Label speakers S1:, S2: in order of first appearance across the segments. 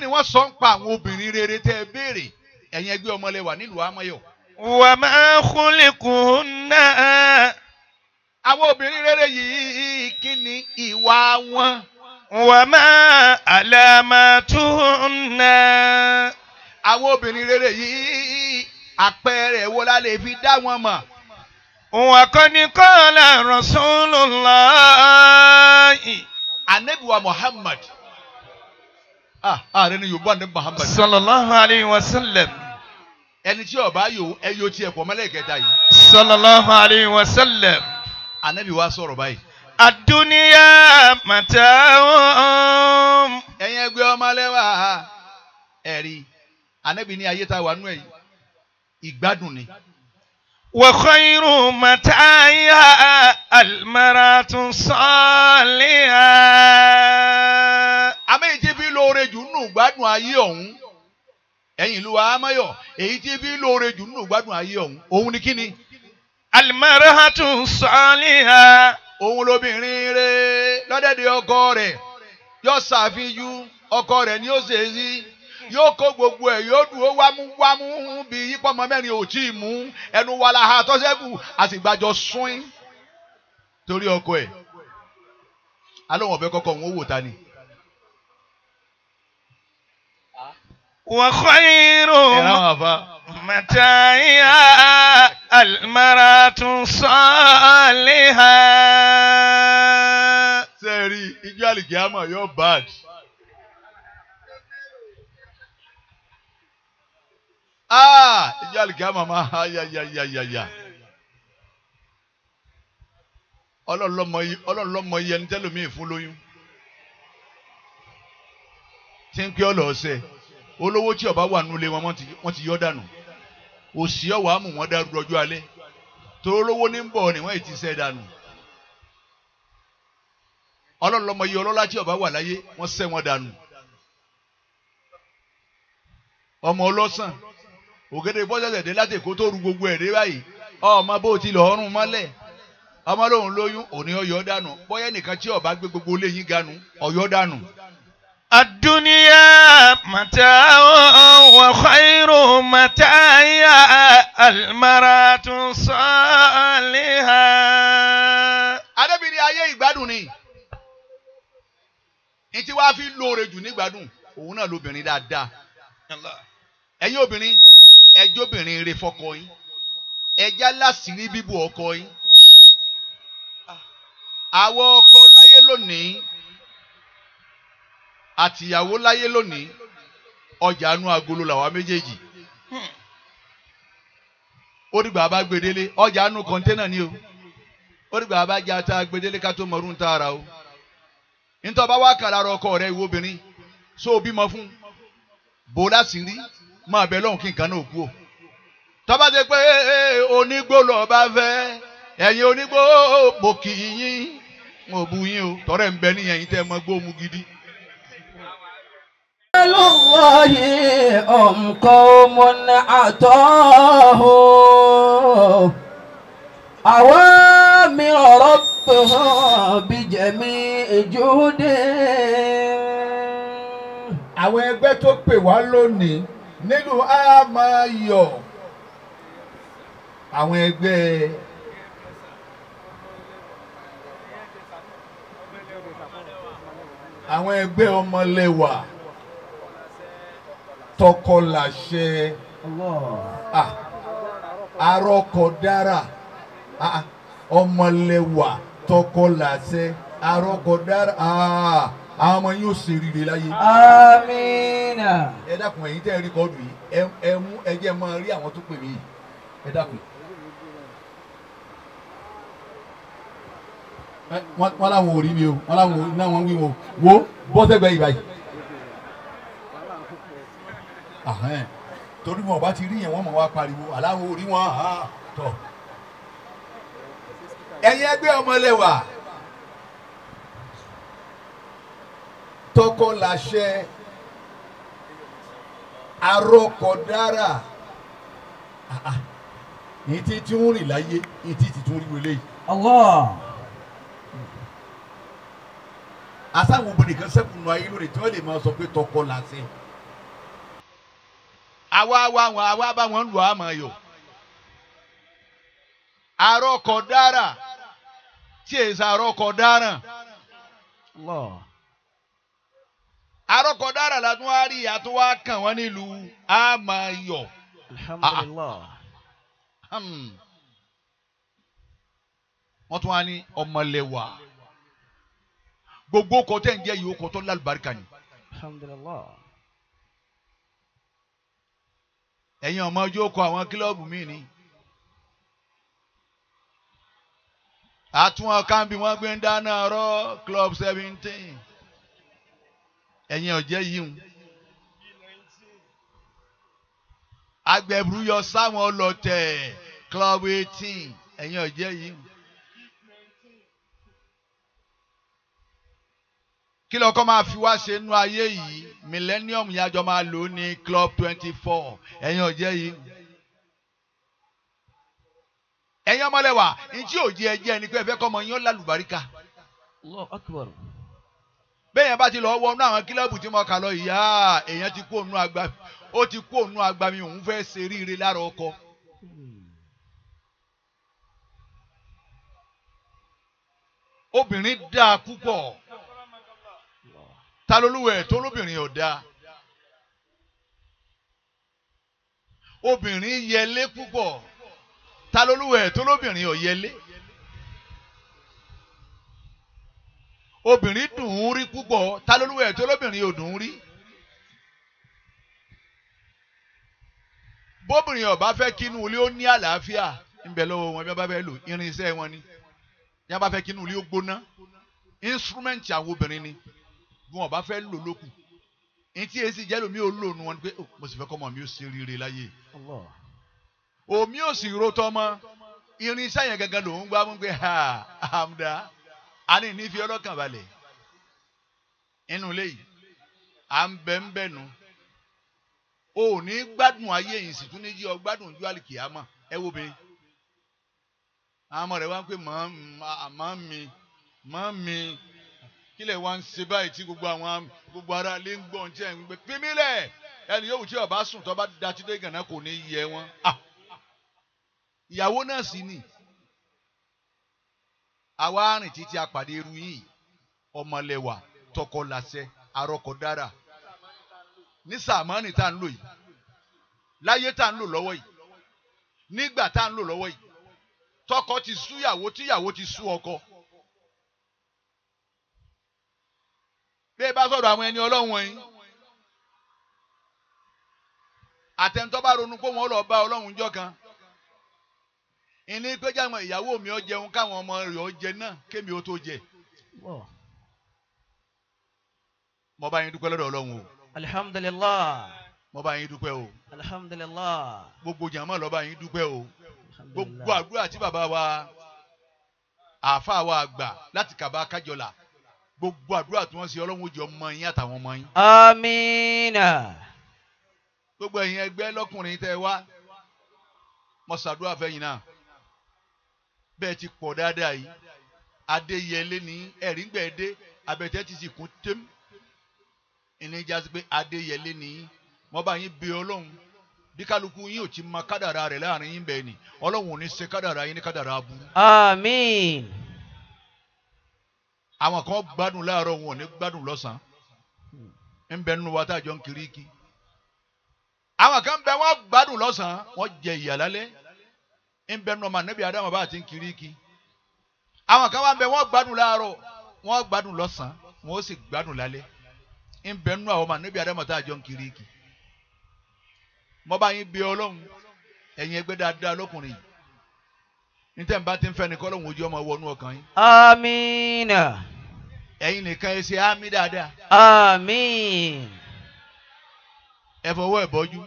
S1: ni wọ́n sọ ń pa àwọn obìnrin rere tẹ́ ẹ béèrè ẹ̀yin ẹgbẹ́ ọmọlẹ́wà nílùú amáyọ̀. wà á
S2: máa kúnlẹ̀ kún náà. àwọn obìnrin rere yìí kí ni ìwà wọn. wà á máa àlàmà tún náà. àwọn obìnrin rere yìí àpẹẹrẹ wo la lè fi dá wọn mọ̀. wà á kọ́ ni kọ́ la Rasulullah. anabiwa Muhammad ààrẹ ah, ah,
S1: ni yorùbá ní muhammad. sallallahu alayhi wa sallam. ẹni tí ọba yòó ẹ yóò tiẹ̀ pọ̀ mẹ́lẹ̀ kẹta yìí.
S2: sallallahu alayhi wa sallam.
S1: anabi wa sọ̀rọ̀ báyìí.
S2: àdúnyà màtáwọn. ẹ̀yin ẹgbẹ́
S1: ọmọlẹ́wà ẹ̀rí anabi ní ayé ta wà nù ẹ̀yìn ìgbádùn ni.
S2: وخير متاعي المرأة الصالحة àmọ́ èyí tí bí lóore jù nù gbádùn
S1: ayé ọ̀hún ẹ̀yin ìlú amáyọ̀ èyí tí bí lóore jù nù gbádùn ayé ọ̀hún òun ni kíni. المرأة الصالحة. òun lobìnrin rẹ̀ lọ́dẹ̀dẹ̀ ọkọ rẹ̀ yóò ṣàfihàn ọkọ rẹ̀ ni ó ṣe é sí yóò kó gbogbo ẹ̀ yóò dúró wámúwámú bí yípo ọmọ mẹ́rin ò tí ì mú ẹnu wa la ha tọ́sẹ́kù àtìgbàjọ sún torí ọkọ ẹ̀ alóhùn ọ̀fẹ́ kọ́kọ́ òun ó wò ta ni.
S2: wà khairu mataya almaratu saliha. sẹ́ẹ̀rì ijó àlìkí àmọ̀ yóò bàdì.
S1: Aa ah, àlìkàmà máa ha yayayayaya ọlọ́ọ̀lọ́mọ iye ẹni tẹ́lómi fún lóyún tí ń olówó ọba wà wọn wọ́n ti yọ wọn ọjọ́ alẹ́ torí olówó ní bọ̀ ni wọ́n ti sẹ́ dànù ọmọ ògèdè bọ́sẹ̀sẹ̀ dé láti èkó tó ru gbogbo ẹ̀ dé báyìí ọmọ bó ti lọ́ọ́rùn mọ́lẹ̀ ọmọ lòun lóyún òní ọyọ́ dànù
S2: bọ́yẹ́ nìkan tí ọba gbé gbogbo ilé yín ganu ọyọ́ dànù. àdúnyà màtá wà khairu màtá yá àlùmárà tún sọ́ọ̀lì ha.
S1: adébìnrin ayé ìgbádùn ni ní tí wàá fi lóore jù nígbàdùn òun náà lóbìnrin dáadáa ẹ̀yin obìnrin ẹjọ́ obìnrin rè fọkọ yín ẹjá láṣìírí bíbu ọkọ yín àwọn ọkọ láyé lónìí àtìyàwó láyé lónìí ọjà inú agolo làwa méjèèjì ó dìgbà bá gbedele ọjà inú kọ́ńténà ni o ó dìgbà bá jẹ ata gbedele ká tó mọ̀rún tá a ra o nítorí bá wà kàrà ọkọ rẹ ìwọ obìnrin so bímọ fún bó láṣìírí máa bẹ lọ́hùn kí nǹkan náà kú o tọ́ba ti pé onígbò lọ́ba fẹ́ ẹ̀yin onígbò pòkì yín
S3: wọn bu yín o tọ́rẹ̀ ń bẹ níyẹn yín tẹ́ mọ gbóòmù gidi. Lọ́wọ́yì ọ̀nkọ́ mo ní àtọ́ o. Àwọn mi ọ̀rọ̀ pè hàn bí jẹ̀mí ìjúdé. Àwọn ẹgbẹ́
S1: tó pè wá lónìí nílùú àmàyọ àwọn ẹgbẹ́ àwọn ẹgbẹ́ ọmọlẹ́wà tọkọláṣẹ ah, arọkọdára ah, ọmọlẹ́wà tọkọláṣẹ arọkọdára. Ah àwọn ọmọ yín ṣe rire láyé. amiina. ẹ dákun ẹ̀yin tẹ́ ẹ rìkọ́dù yìí ẹ mú ẹ máa rí àwọn tó pè mí yìí ẹ dákun. wọ́n láwọn ò rí mi o wọ́n láwọn ò náà wí wọn wo bọ́sẹ̀gbẹ́ yìí báyìí. torí wọn bá ti rí yẹn wọ́n mọ̀ wá pariwo aláwọ̀ orí wọn tọ̀. ẹ̀yin ẹgbẹ́ ọmọ tọkọ làṣẹ arọkọ dára ní ah, ah. tí tí ń rìn láyé ní tí tí tún rí wọlé yìí. Allah. asáwọn obìnrin kan sẹ́kùnù ayé lórí tí wọ́n lè máa sọ pé tọkọ làṣẹ. àwa wa wọn àwa bá wọn lù àmọ́ yòó arọkọ tí èsì arọkọ Allah arọ́kọ̀dára la tún wá rí àtúwá kàn wọ́n nílùú àmàyọ̀. alhamdulillah. Ah, ah. Hmm. wọ́n tún wá ní ọmọlẹ́wà gbogbo kọ́ tẹ̀ ń jẹ́ yìí ó kọ́ tó lálùbáríkà ni. alhamdulillah. ẹ̀yin ọmọ ọjọ́ kọ àwọn kílọ̀bù míì ni. àtúnwọ̀n kan bí wọ́n gbé ń dáná ọ̀rọ̀ club seventeen. ẹ̀yin ọ̀jẹ́ yìí ń. agbẹ̀bùrú yọ sáwọn ọlọ́tẹ̀ club eighteen ẹ̀yin ọ̀jẹ́ yìí ń. kí lọkọ máa fi wá ṣe ayé yìí millennium yájọ́ máa lò ó ní club twenty four ẹ̀yin ọ̀jẹ́ yìí ń ẹ̀yin ọmọlẹ́wà òjì ẹ̀jẹ̀ ni pé ẹ̀fẹ́ kọ́ ọmọ yín bẹ́ẹ̀yẹn bá ti lọ wọnú àwọn kílọ̀bù tí mo kà lọ ìyá ah, èèyàn ti kú òun àgbà ó ti mi òun fẹ́ ṣe ríire lára ọkọ. obìnrin dáa púpọ̀ ta lolúwẹ̀ tó lóbìnrin ò dáa obìnrin yẹlé púpọ̀ ta lolúwẹ̀ tó lóbìnrin ò yẹlé. obìnrin dùn ún rí púpọ̀ ta lolúwẹ̀ tí olóbìnrin ò dùn ún rí. bóbìnrin ọba fẹ́ kínú ilé ó ní àlàáfíà ńbẹ lọ́wọ́ wọn bí wọ́n bá fẹ́ lò irinṣẹ́ wọn ni bí wọ́n bá fẹ́ kínú ilé ó gbóná instrument àwọn obìnrin ni bí wọ́n bá fẹ́ lò lókun ntí èsì jẹ́ lómi ò lò nu wọn pé oh, mo sì fẹ́ kọ́ ọmọ mi ó ṣe rere láyé omi ò sì ro tọmọ irinṣẹ́ yẹn gẹ́gẹ́ lòún gbá mú pé ha amúdá àní nífi ọlọ́kàn balẹ̀ inú ilé yìí à ń bẹ ń bẹ̀nu o ò ní gbádùn ayé yìí sì tún ní jí ọ gbádùn ju àlìkìyàmọ ẹ wo bẹ́ẹ̀ àwọn ọmọ rẹ wá ń pè màmá mi màmá mi kí lè wá ń ṣe báyìí tí gbogbo àwọn gbogbo ara lè ń gbọ́ ǹjẹ́ ń gbé fímílẹ̀ ẹni yóò wù tí ọba sùn tó bá dájú dé gànà kò ní yẹ wọn ah! ìyàwó náà sì ni àwa arìn títí apàdé irú yìí ọmọlẹ́wà tọkọ làṣẹ arọkọ dára ní sàmánì tá ń lò yìí láyé tá ń lò lọ́wọ́ yìí nígbà tá ń lò lọ́wọ́ yìí tọkọ ti súyàwó tíyàwó ti sú ọkọ. bí ẹ bá sọ̀rọ̀ àwọn ẹni ọlọ́run wọ̀nyí àtẹ̀ntọ́ bá ronú pé wọ́n lọ bá ọlọ́run jọ kan ìní pé jáwọn ìyàwó mi ọ jẹun káwọn ọmọ rẹ̀ ọ jẹ náà kémi ó tó jẹ. mo bá yín dúpẹ́ lọ́dọ̀ ọlọ́run o. alihamudulilayi. mo bá yín dúpẹ́ o. alihamudulilayi. gbogbo jàmọ́ ló yín dúpẹ́ o. gbogbo àdúrà tí bàbá wa àáfàá wa àgbà láti kàbá kájọlà gbogbo àdúrà tí wọ́n ṣe ọlọ́run ó ọmọ yín àtàwọn ọmọ yín.
S3: amiina.
S1: gbogbo ẹ̀yin ẹgbẹ́ lọ́kùnrin tẹ́ wá mo fẹ́yìn náà bẹ́ẹ̀ ti pọ̀ dáadáa yìí adéyẹlé ní ẹ̀ríngbẹ̀ẹ́dé abẹ́tẹ́ ti sì kún tém ìníjà sí pé adéyẹlé ní wọ́n bá yín bí ọlọ́run bí kálukú yín ò ti mọ kádàrà rẹ̀ láàrin yín bẹ́ẹ̀ ni ọlọ́run ò ní ṣe kádàrà yín ní kádàrà aburú.
S3: àmín.
S1: àwọn kan gbádùn láàárọ̀ wọn ò ní gbádùn lọ́sàn-án ń bẹ nínú wa tá a jọ ń kiri kí àwọn kan bẹ wọn gbádùn lọ́sàn-án wọn jẹ ìyà ńbẹ nínú ọmọ ànábì adamu bá àti nkiriki àwọn kan wà ń bẹ wọ́n gbádùn láàárọ̀ wọ́n gbádùn lọ́sàn-án wọ́n sì gbádùn lálẹ́ ńbẹ nínú àwọn ọmọ ànábì adamu tá àjọ nkiriki mo bá yín bí ọlọ́run ẹ̀yin ẹgbẹ́ dáadáa lọ́kùnrin yìí níta bá ti ń fẹ́ ni kọ́lọ́hún ojú ọmọ wọnú ọkàn yín.
S3: amiina.
S1: ẹ̀yin nìkan ẹ ṣe dáadáa. amiin.
S3: ẹ fọwọ́ bọ́jú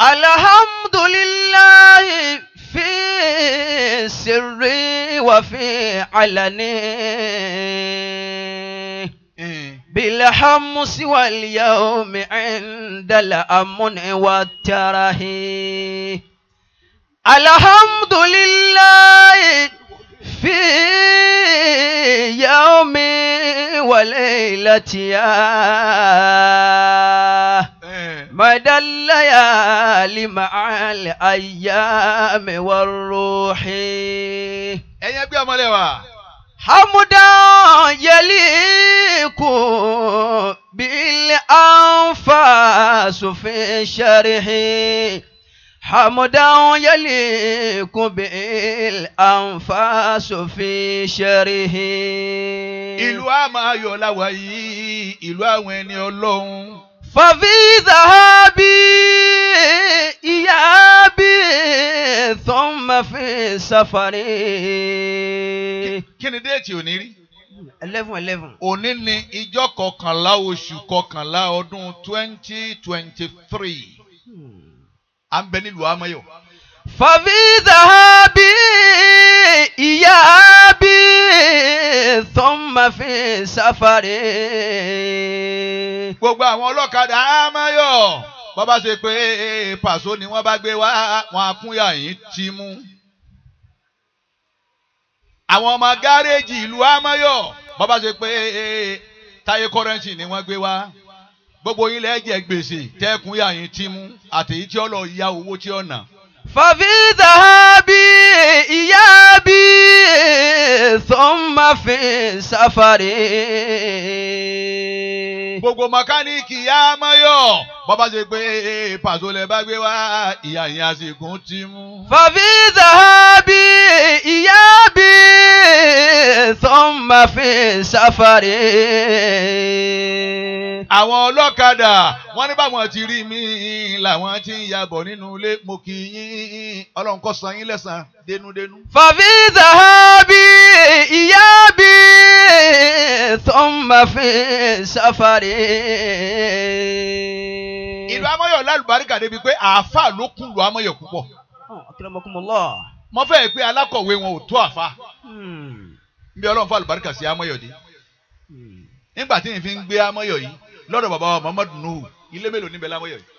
S3: الحمد لله في سري وفي علني إيه. بالحمس واليوم عند الأمن والترهي الحمد لله في يومي وليلتي مدى الليالي مع الأيام والروح أيها بيا حمدا يليق بالأنفاس في شرحي حمدا يليق بالأنفاس في شره. ìlú àmọ́ ayọ̀ làwà yìí ìlú àwọn ẹni ọlọ́run fàfi zahabi ìyá bí thumma fi safari. kí ni déètì òní rí. eleven eleven. òní ni ìjọ kọkànlá oṣù
S1: kọkànlá ọdún twenty twenty three. à ń bẹ nílùú amáyọ
S3: thumma fi safari. gbogbo àwọn ọlọ́kadà á máa yọ̀ bọ́ bá ṣe pé pàṣọ ni wọ́n bá gbé wá
S1: wọn akúnyà yìí ti mú. àwọn ọmọ gáréèjì ìlú amáyọ̀ bọ́ bá ṣe pé táyé kọ́rẹ́ǹtì ni wọ́n gbé wá gbogbo ilẹ̀ jẹ gbèsè tẹ́kùnyà yìí ti mú àtẹ̀yí tí ó lọ ya owó tí ó
S3: nà. ففي ذهابي إيابي ثم في سفري gbogbo
S1: mọkánìkì yá mọ́yọ̀ bọ́bá ṣe pé eh, eh, eh, pàṣọ lẹ bá gbé wá ìyá ìyá
S3: àṣekùn ti mú. fàbí zahabi ìyá bí sọ́mbà ṣàfàrí. àwọn ọlọ́kadà
S1: wọ́n ní báwọn ti rí mi làwọn ti ń yabọ̀ nínú ilé mo kì í yín ọlọ́run kó san yín lẹ́sàn-án dénúdénú.
S3: fàbí zahabi ìyá bí sọ́mbà ṣàfàrí. ìlú amọyọ lálùbáríkà débi pé àáfà
S1: ló kún ìlú amáyọ̀ púpọ̀. Oh, mo fẹ́ pé alákọ̀wé wọn ò tó àfa hmm. bí ọlọ́run fún àlùbáríkà sí amáyọ̀ dé hmm. nígbà tí n fi ń gbé amáyọ̀ yìí lọ́dọ̀ bàbá wa Muhammadu Nuhu ilé mélòó níbẹ̀ lámáyọ̀ yìí.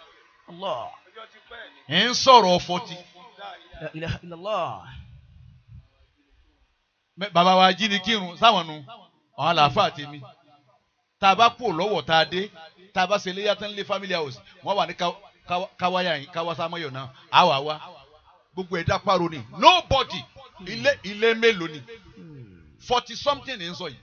S1: ń sọ̀rọ̀ fọ́tí. bàbá wa jí ni kírun sáwọn nu ọ̀hún àlàáfà tèmi. tá a bá kú lọ́wọ́ tá a dé tá a bá ṣe iléyà tán lé family house wọ́n wà ní káwáyà kawasa káwásámọ́yọ̀ náà á wà wá gbogbo ẹ̀dá paro ni nobody ilé ilé mélòó ni forty something ní sọ yìí.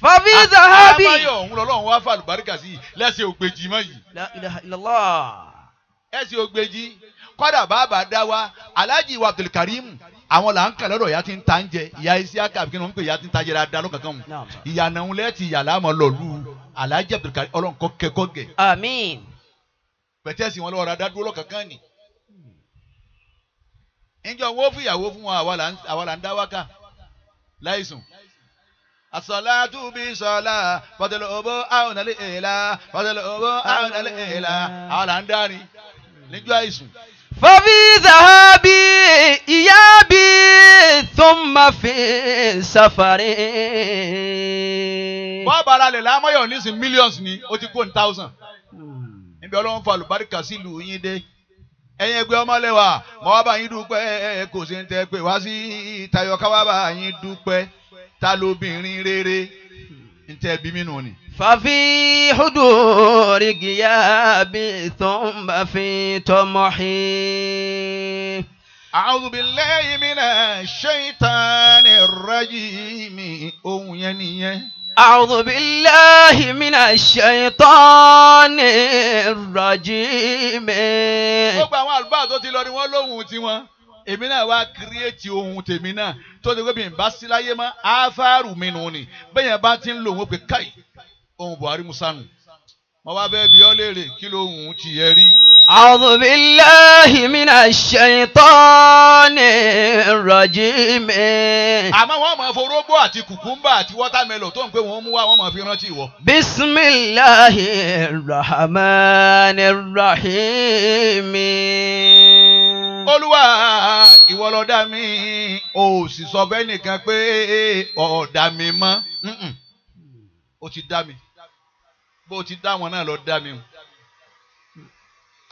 S1: fàbí zahabi. àbáyọ̀ òun lọ́lọ́run wá fà lùbáríkà sí i lẹ́sẹ̀ ògbèjì mọ́ yìí. ẹ̀sìn ògbèjì kọ́dà bàbá dá wa alhaji wa abdulkarim àwọn là ń kà lọ́dọ̀ ìyá tí ń ta ń jẹ ìyá iṣẹ́ àkàbí kí ni wọ́n pè ìyá tí ń ta jẹ dáadáa lọ́kàn kan ìyá nàún lẹ́ẹ̀tì ìyá làmọ́ lọ́lù alájẹ abdulkari ọlọ́run kẹ́kọ́ gẹ̀. àmín. pẹ̀tẹ́sì wọn lọ́wọ́ dáadáa dúró lọ́kàn kan ni. ìjọ wo fún ìyàwó fún wa àwa là ń dá wákà láìsùn asalaatu bi sọla pọtẹlẹ obo àwọn nàlẹ èèlà pọtẹlẹ obo àwọn nàlẹ èèlà àwọn là ń dárin níjọ àìsùn.
S3: ففي ذهابي إيابي ثم في سفري.
S1: bọ́ọ̀bù ara lè la ní sin millions ni ó ti kó ní thousand. Hmm. níbi ọlọ́run fa àlùbáríkà sílùú yín dé ẹ̀yin ẹgbẹ́ ọmọlẹ́wà mọ́ wá bá yín dúpẹ́ kò sí ní tẹ́ pé wá sí tayọ ká bá yín dúpẹ́ ta lóbìnrin rere
S3: ní tẹ́ bí mí ni. ففي حضور غياب ثم في طمح أعوذ بالله من الشيطان الرجيم أو ينيه أعوذ بالله من الشيطان الرجيم gbogbo àwọn àlùfáà tó ti lọ ni wọ́n lóhùn tiwọn
S1: èmi náà wá kírẹ́ẹ̀tì ohun tèmi náà tó ti gbé bí n bá sí láyé mọ́ áfáàrù mi nù ni bẹ́ẹ̀ yẹn bá ti ń lò wọ́n
S3: pé káyìí ohun Buhari Musa nù
S1: mo bá bẹ́ẹ̀ bí ọ́ léèrè kí ló hùn ti yẹ rí.
S3: أعوذ بالله من الشيطان الرجيم.
S1: àti kùkúmbà àti wọ́tàmẹ́lò tó ń pè wọ́n mú wá wọ́n máa fi rántí ìwọ.
S3: بسم الله الرحمن olúwa ìwọ ló dá mi
S1: ò sì sọ bẹ́ẹ̀ nìkan pé ó dá mi mọ́ ó ti dá mi bó ti dá wọn náà lọ dá mi o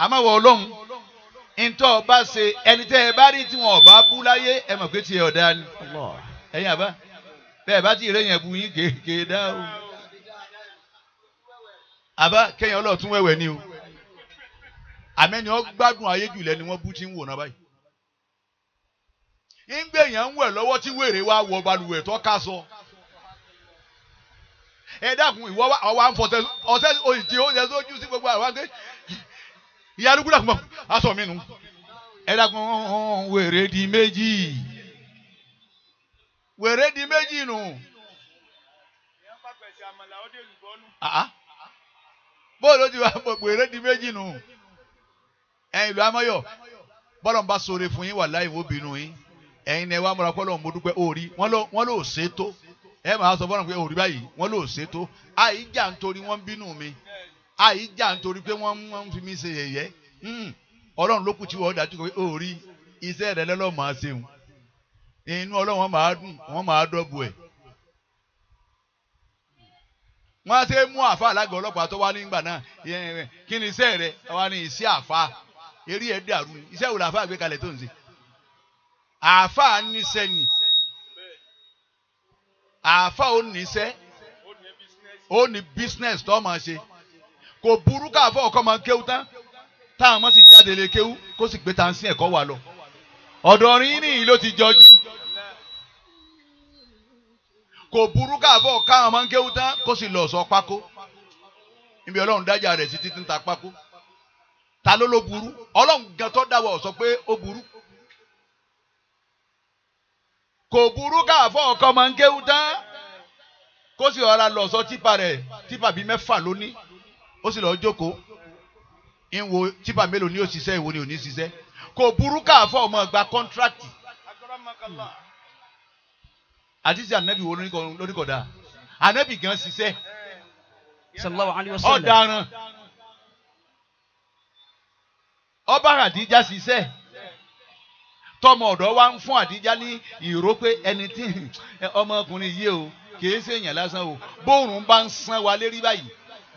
S1: àmọ́ wọ ọlọ́run ntọ́ ọba ṣe ẹni tẹ́ ẹ bá rí tí wọn ọba bú láyé ẹ mọ̀ pé tiẹ̀ ọ̀dà ni ẹ̀yin àbá bẹ́ẹ̀ bá ti rẹ̀ yẹn bu yín kéèké dá o àbá kẹ́yìn ọlọ́ọ̀tún wẹ̀wẹ̀ ni o àmẹ́ni ó gbádùn ayé jùlẹ̀ ni wọ́n bú ti ń wò náà báyìí ń gbẹ̀yàn ń wẹ̀ lọ́wọ́ tí wèrè wa wọ balùwẹ̀ tó ká sọ ẹ dákun ìwọ ọwà ń fọṣẹ ọṣẹ òjì oúnjẹ sójú sí gbogbo àwọn àgbẹ ìyá arúgbó dàkúmọ aṣọ mi nù ẹ dákun wèrè di méjì wèrè di méjì nù. bóòlù ti wá wèrè di méjì nù ẹ̀yin ìlú amọyọ bọlọ ń bá sọ̀rọ̀ fún yín wà láì wó bínú yín ẹ̀yin ni ẹ wá múra kọlọ ń mo dúpẹ́ òòrí wọn ló ṣètò ẹ máa sọ fọ́nà pé òrí báyìí wọ́n lò ṣe tó àìjà nítorí wọ́n bínú mi àìjà nítorí pé wọ́n fi mí ṣe yẹ̀yẹ́ hmm. ọlọ́run ló kù tí wọ́n dájú pé òrí iṣẹ́ rẹ lọ́lọ́ máa ṣeun inú ọlọ́run wọn máa dùn wọn máa dọ́bu ẹ̀. wọ́n á ṣe mú àfa alága ọlọ́pàá tó wá nígbà náà kí ni iṣẹ́ rẹ wá ní iṣẹ́ àfa eré ẹ̀ dàrú iṣẹ́ wo làáfà gbé kalẹ̀ tó ń ṣe àfa níṣẹ́ yìí àáfà ò ní iṣẹ́ ó ní business tó máa ṣe kò burú káàfọ́ ọkọ máa kéwú tán táwọn ọmọ sì jáde lè kéwú kó sì gbé tansi ẹ̀kọ́ wà lọ ọ̀dọ̀ rin ní ló ti jọjú kò burú káàfọ́ káwọn ọmọ kéwú tán kó sì lọ sọ pákó níbi ọlọ́run dájà rẹ̀ sí títí ta pákó ta ló ló burú ọlọ́run gan tó dáwọ́ sọ pé ó burú kò burú afọ ọkọ máa ń kéwu tán kó sì ọ̀ra lọ sọ típa rẹ̀ típa bíi mẹ́fà lónìí ó sì lọ́ọ́ jókòó ń wo típa mélòó ni yóò ṣiṣẹ́ ìwo ni ò ní ṣiṣẹ́ kò burú káàfọ́ ọmọ gba àti sí ànábì ọba ṣiṣẹ́. tọmọ ọ̀dọ̀ wa ń fún àdíjá ní ìró pé ẹni tí ọmọkùnrin yìí o kìí ṣe èèyàn lásán o bóòrùn bá ń san wa lérí báyìí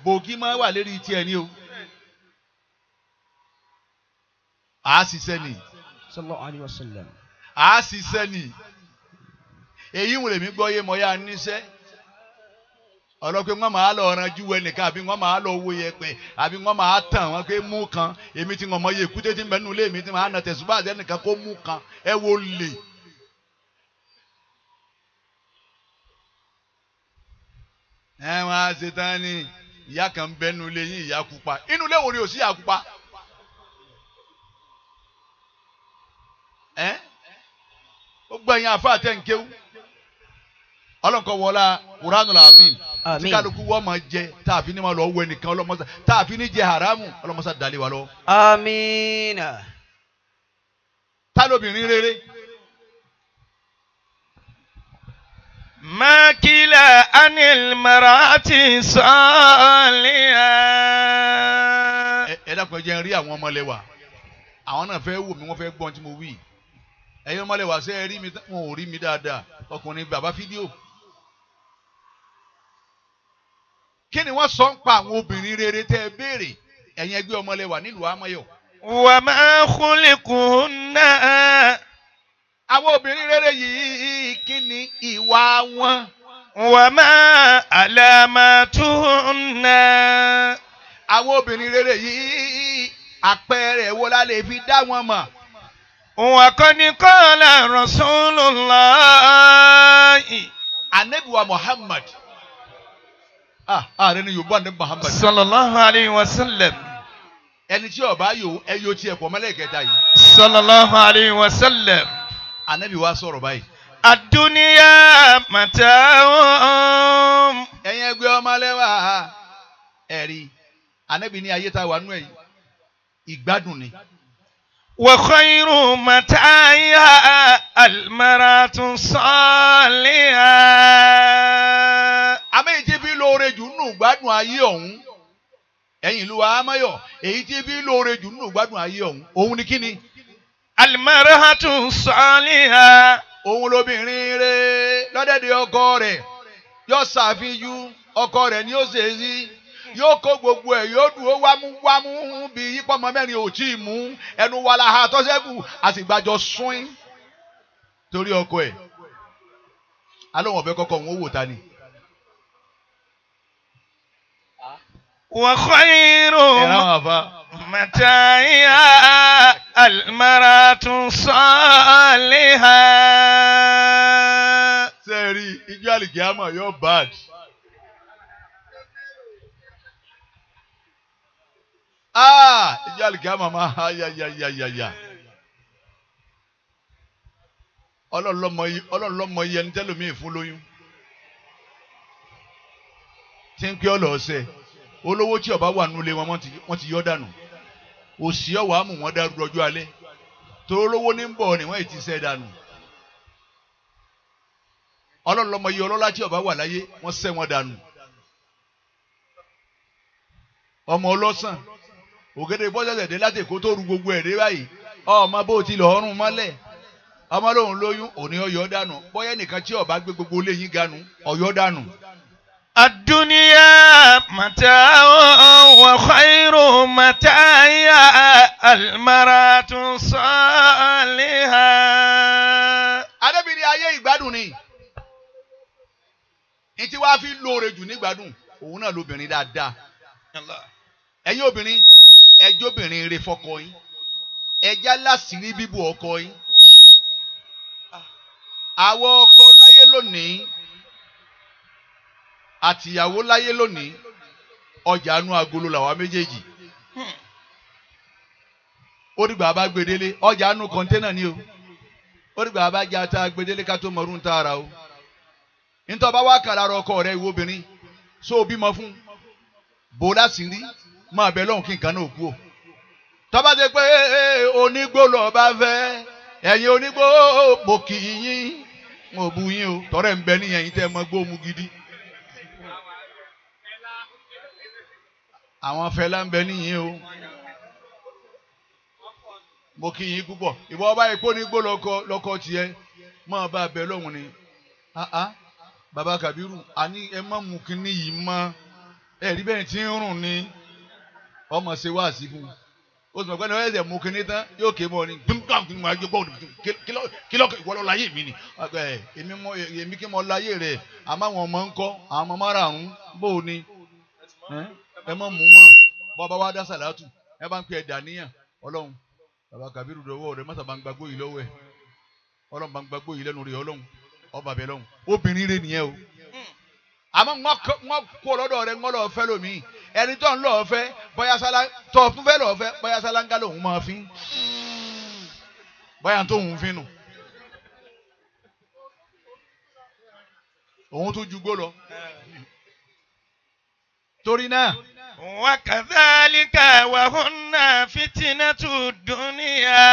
S1: bògì máa wà lérí tiẹ̀ ni o. a ṣiṣẹ́ ni. sallallahu alaihi wasallam. a ṣiṣẹ́ ni. èyí wùlẹ̀ mi gbọ́ yé mọ́ yá níṣẹ́ ọ̀rọ̀ wọn wọ́n máa lọ ọ̀ràn ju abi àbí wọ́n máa lọ owó yẹpẹ àbí wọ́n máa tàn wọ́n pé mú kan èmi ti mọ̀mọ́ yẹ èkúté tí mẹ́nu lé mi ti máa nà tẹ̀sùbà àtẹnìkan kó mú kan ẹ wo lè. ẹ wọn á ṣe tán ni ìyá kan bẹnu lé yín ìyá pupa inú ilé wo ni ò sí ìyá ẹ ó gbẹ̀yìn àtẹ̀ǹkéwú tí kálukú wọ́n máa jẹ tá a fi lọ wẹ nìkan ọlọ́mọsá tá a jẹ haramu ọlọ́mọsá dalẹ̀ wa lọ.
S2: amiina. tálóbìnrin rere. mákìlá anil marati sọ́ọ̀lìyà. ẹ dákun ẹ jẹ́ n rí
S1: àwọn ọmọlẹ́wà àwọn náà fẹ́ wò mí wọ́n fẹ́ gbọ́n tí mo wí ẹ̀yin ọmọlẹ́wà sẹ́ẹ̀ rí mi wọn ò rí mi dáadáa ọkùnrin bàbá fídíò. kí ni wọ́n sọ ń pa àwọn obìnrin rere tẹ́ ẹ béèrè ẹ̀yin ẹgbẹ́ ọmọlẹ́wà nílùú amáyọ̀.
S2: wà á máa kúnlẹ̀kùn náà. àwọn obìnrin rere yìí kí ni ìwà wọn. wà á máa àlàmàtún náà. àwọn obìnrin rere yìí àpẹẹrẹ wo la lè fi dá wọn mọ̀. وقد قال رسول الله النبي محمد ààrẹ ah, ah, ni yorùbá ní muhammad. sallallahu alayhi wa sallam. ẹni tí
S1: ọba yòó ẹ yóò tiẹ̀ pọ̀ mẹ́lẹ̀ kẹta yìí. sallallahu alayhi wa sallam. anabi wa sọ̀rọ̀ báyìí. àdúnyà màtáwọn. ẹ̀yin ẹgbẹ́ ọmọlẹ́wà ẹ̀rí anabi ní ayé ta wà nú ẹ̀yìn
S2: ìgbádùn ni. wa khayru mata'iha almaratu salihah améyìí bí
S1: lóore jù nù gbádùn ayé ọ̀hún ẹ̀yìn ìlú wa amáyọ̀ èyí tí bí lóore jù nù gbádùn ayé ọ̀hún òun ni kíni. alimarahatu sọ́ọ́lìhà. òun lobìnrin rẹ lọ́dẹ̀dẹ̀ ọkọ rẹ̀ yóò ṣàfihàn ọkọ rẹ̀ ni ó ṣe é sí yóò kó gbogbo ẹ̀ yóò dúró wámúwámú bí yípo ọmọ mẹ́rin ò tí ì mú ẹnu wàláhà tọ́sẹ́kù àtìgbàjọ sún torí ọkọ ẹ̀ alóhùn ọ̀bẹ kọ́kọ́ òun ó wò ta ni.
S2: وخير متاعها المرأة الصالحة sẹ́ẹ̀rí ijó àlìkíyàmọ̀ yóò bad.
S1: Ah, ijó àlìkíyàmọ̀ máa ha yayayayaya. ọlọ́lọ́mọ yẹn tẹ́lómi ìfún lóyún tí ń pẹ́ ọ lọ́ọ́ sẹ́ẹ̀. olówó tí ọba wà nulẹ̀ wọn wọ́n ti yọ dànù òsì ọwọ́ àmú wọn dàrú ọjọ́ alẹ́ tó olówó ní ń bọ̀ ni wọ́n ti sẹ́ dànù ọlọ́lọ́mọ yìí ọlọ́lá tí ọba wà láyé wọ́n sẹ́ wọn dànù ọmọ ọlọ́sàn ògèdè bọ́sẹ̀sẹ̀ dé láti èkó tó ru gbogbo ẹ̀ dé ganu ọyọ́
S2: الدنيا متاع وخير متاع المرأة الصالحة
S1: adébìnrin ayé ìgbádùn ni ní tí wàá fi lóore jù nígbádùn òun náà lóbìnrin dáadáa ẹ̀yin obìnrin ẹjọ́bìnrin rere fọkọ yín ẹjá láṣìírí bíbu ọkọ yín àwọn ọkọ láyé lónìí àtìyàwó láyé lónìí ọjà anú agolo làwa méjèèjì ó aba bá gbedele ọjà anú kọ́ńténà ni o ó aba bá jẹ ata gbedele ká tó mọ̀rún tá a o nítorí ọba ọkọ rẹ ìwọ obìnrin so fún bò láti rí máa bẹ lọ́hùn kí nǹkan náà kú o tọ́ba ti pé onígbò lọ́ba fẹ́ ẹ̀yin o tọ́rẹ̀ ń bẹ níyẹn yín tẹ́ ẹ gidi. àwọn fẹlẹ ń bẹ níyìn o mo kí yín púpọ̀ ìwọ ọba ìpó ní gbó lọkọ lọkọ tiẹ mọ ọba abẹ lọhùn ni baba Kabiru àní ẹ má mú kínní yìí mọ ẹ rí bẹ́ẹ̀ tí ń rùn ni ọmọ ṣe wá sí fún un ó sọ pé ní ọ̀rẹ́ ẹ̀sẹ̀ mú kínní tán yóò ké mọ́ ni kílọ̀ ìwọ lọ láyé mi ni èmi kí mo láyé rẹ̀ àmọ́ àwọn ọmọ ń kọ́ àwọn ọmọ márààrún bò ni ẹ mọ̀ mú mọ̀ bọ́ bá wá dá sàlátù ẹ bá ń pè é dàníyàn ọlọ́run bàbá Kabiru dọwọ́ rẹ mọ́tà bá ń gbàgbó yìí lọ́wọ́ ẹ ọlọ́run bá ń gbàgbó yìí lẹ́nu rẹ ọlọ́run ọba bẹ lọ́run obìnrin rẹ nìyẹn o àmọ́ wọ́n kó lọ́dọ̀ rẹ wọ́n lọ́ọ́ fẹ́ lómi ẹni tó ń lọ́ọ́ fẹ́ bóyá sálá tó fún fẹ́ lọ́ọ́ fẹ́ bóyá sálá ń gálò òun máa fi bóyá tó òun fi nù òun tó ju gbó lọ
S2: torí náà. wa kadhalika wa hunna fitinatu dunya.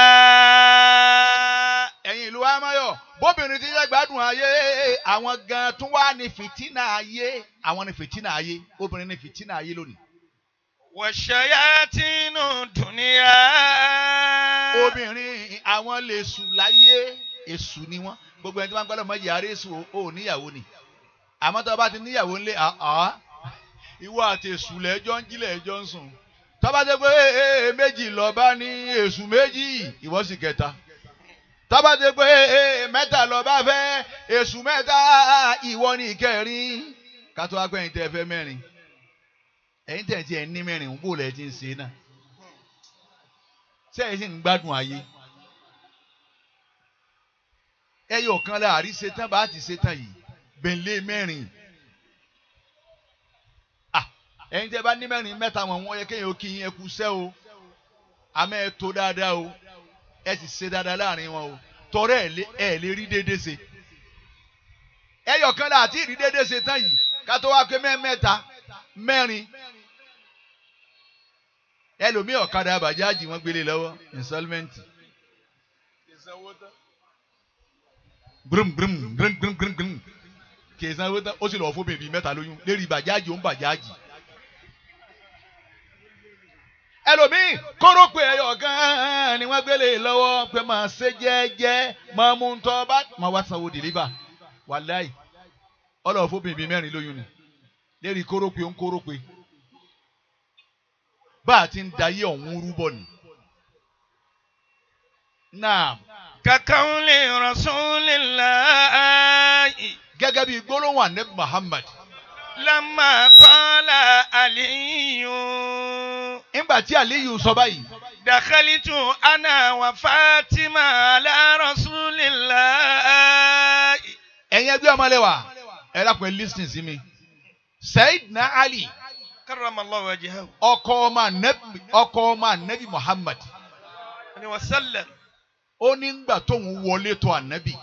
S2: ẹ̀yin ìlú amáyọ̀ bóbìnrin ti jẹ́ gbádùn ayé àwọn gan tún wá ní fìtínà ayé àwọn ní fìtínà
S1: ayé obìnrin ní fìtínà ayé lónìí.
S2: washayatinu dunya.
S1: obìnrin àwọn lè sùn láyé èṣù ni wọ́n gbogbo ẹni tí wọ́n ń gbọ́dọ̀ mọ́ yàrá èṣù ò níyàwó ni àmọ́ tó o bá ti níyàwó ńlẹ̀ àá ìwọ àti èṣù lẹ́jọ́ ń jílẹ̀ ẹjọ́ ń sùn tọ́ba jẹ́ pé ee méjì lọ́ba ní èṣù méjì ìwọ sì kẹta tọ́ba jẹ́ pé ee mẹ́ta lọ́ba fẹ́ èṣù mẹ́ta ìwọ ní ìkẹrin kátó wá pẹ́yìn tẹ́ fẹ́ mẹ́rin ẹ̀yin tẹ̀ tí ẹ̀ ní mẹ́rin ń bò lẹ́ ti ń ṣe náà sẹ́yìn sì ń gbádùn ayé ẹyọ kan láàrí ṣetán bá ti ṣetán yìí bẹ̀ńlẹ̀ mẹ́rin ẹ̀yin tẹ́ bá ní mẹ́rin mẹ́ta wọn wọ́n yẹ kéèyàn ó kí yín ẹkú sẹ́ o àmọ́ ẹ tó dáadáa o ẹ sì ṣe dáadáa láàrin wọn o tọrẹ ẹ lè rí déédéé ṣe ẹyọkan láti rí déédéé ṣe tán yìí ká wá pé mẹ́ta mẹ́rin ẹlòmíì ọ̀kadà bàjáàjì wọ́n gbélé lọ́wọ́ installment. gbirim gbirim gbirim gbirim gbirim kì í sanwó tán ó sì lọ́ọ́ fún bèbí mẹ́ta lóyún lérí bàjáàjì ó ń bàjáàjì. ẹlòmíì kóró pé ẹyọ gan-an ni wọ́n gbélé lọ́wọ́ pé máa ṣe jẹ́ẹ́jẹ́ máa mú un tọ́ bá máa wá sanwó dìlíbà wàláì ọlọ́wọ́ fóbìnrin bíi mẹ́rin lóyún ni lérí kóró pé ń kóró pé bá a ti ń dayé ọ̀hún rúbọ ni.
S2: naam. kakaule rasulillah. gẹ́gẹ́ bí gbólóhùn ànábì Muhammad. lamma qala aliyu ńgbà tí Aliyu sọ báyìí. Dakhalitu ana wa Fatima ala Rasulillah.
S1: Ẹ̀yin ẹgbẹ́ ọmọlẹ́wà ẹ dákun lísìn sí mi. Sayyidina Ali. Karramallahu wajhahu. Ọkọ ọmọ Nabi ọkọ ọmọ Nabi Muhammad. Ani wa sallam. Ó ní ńgbà tóun wọlé tó ànábì.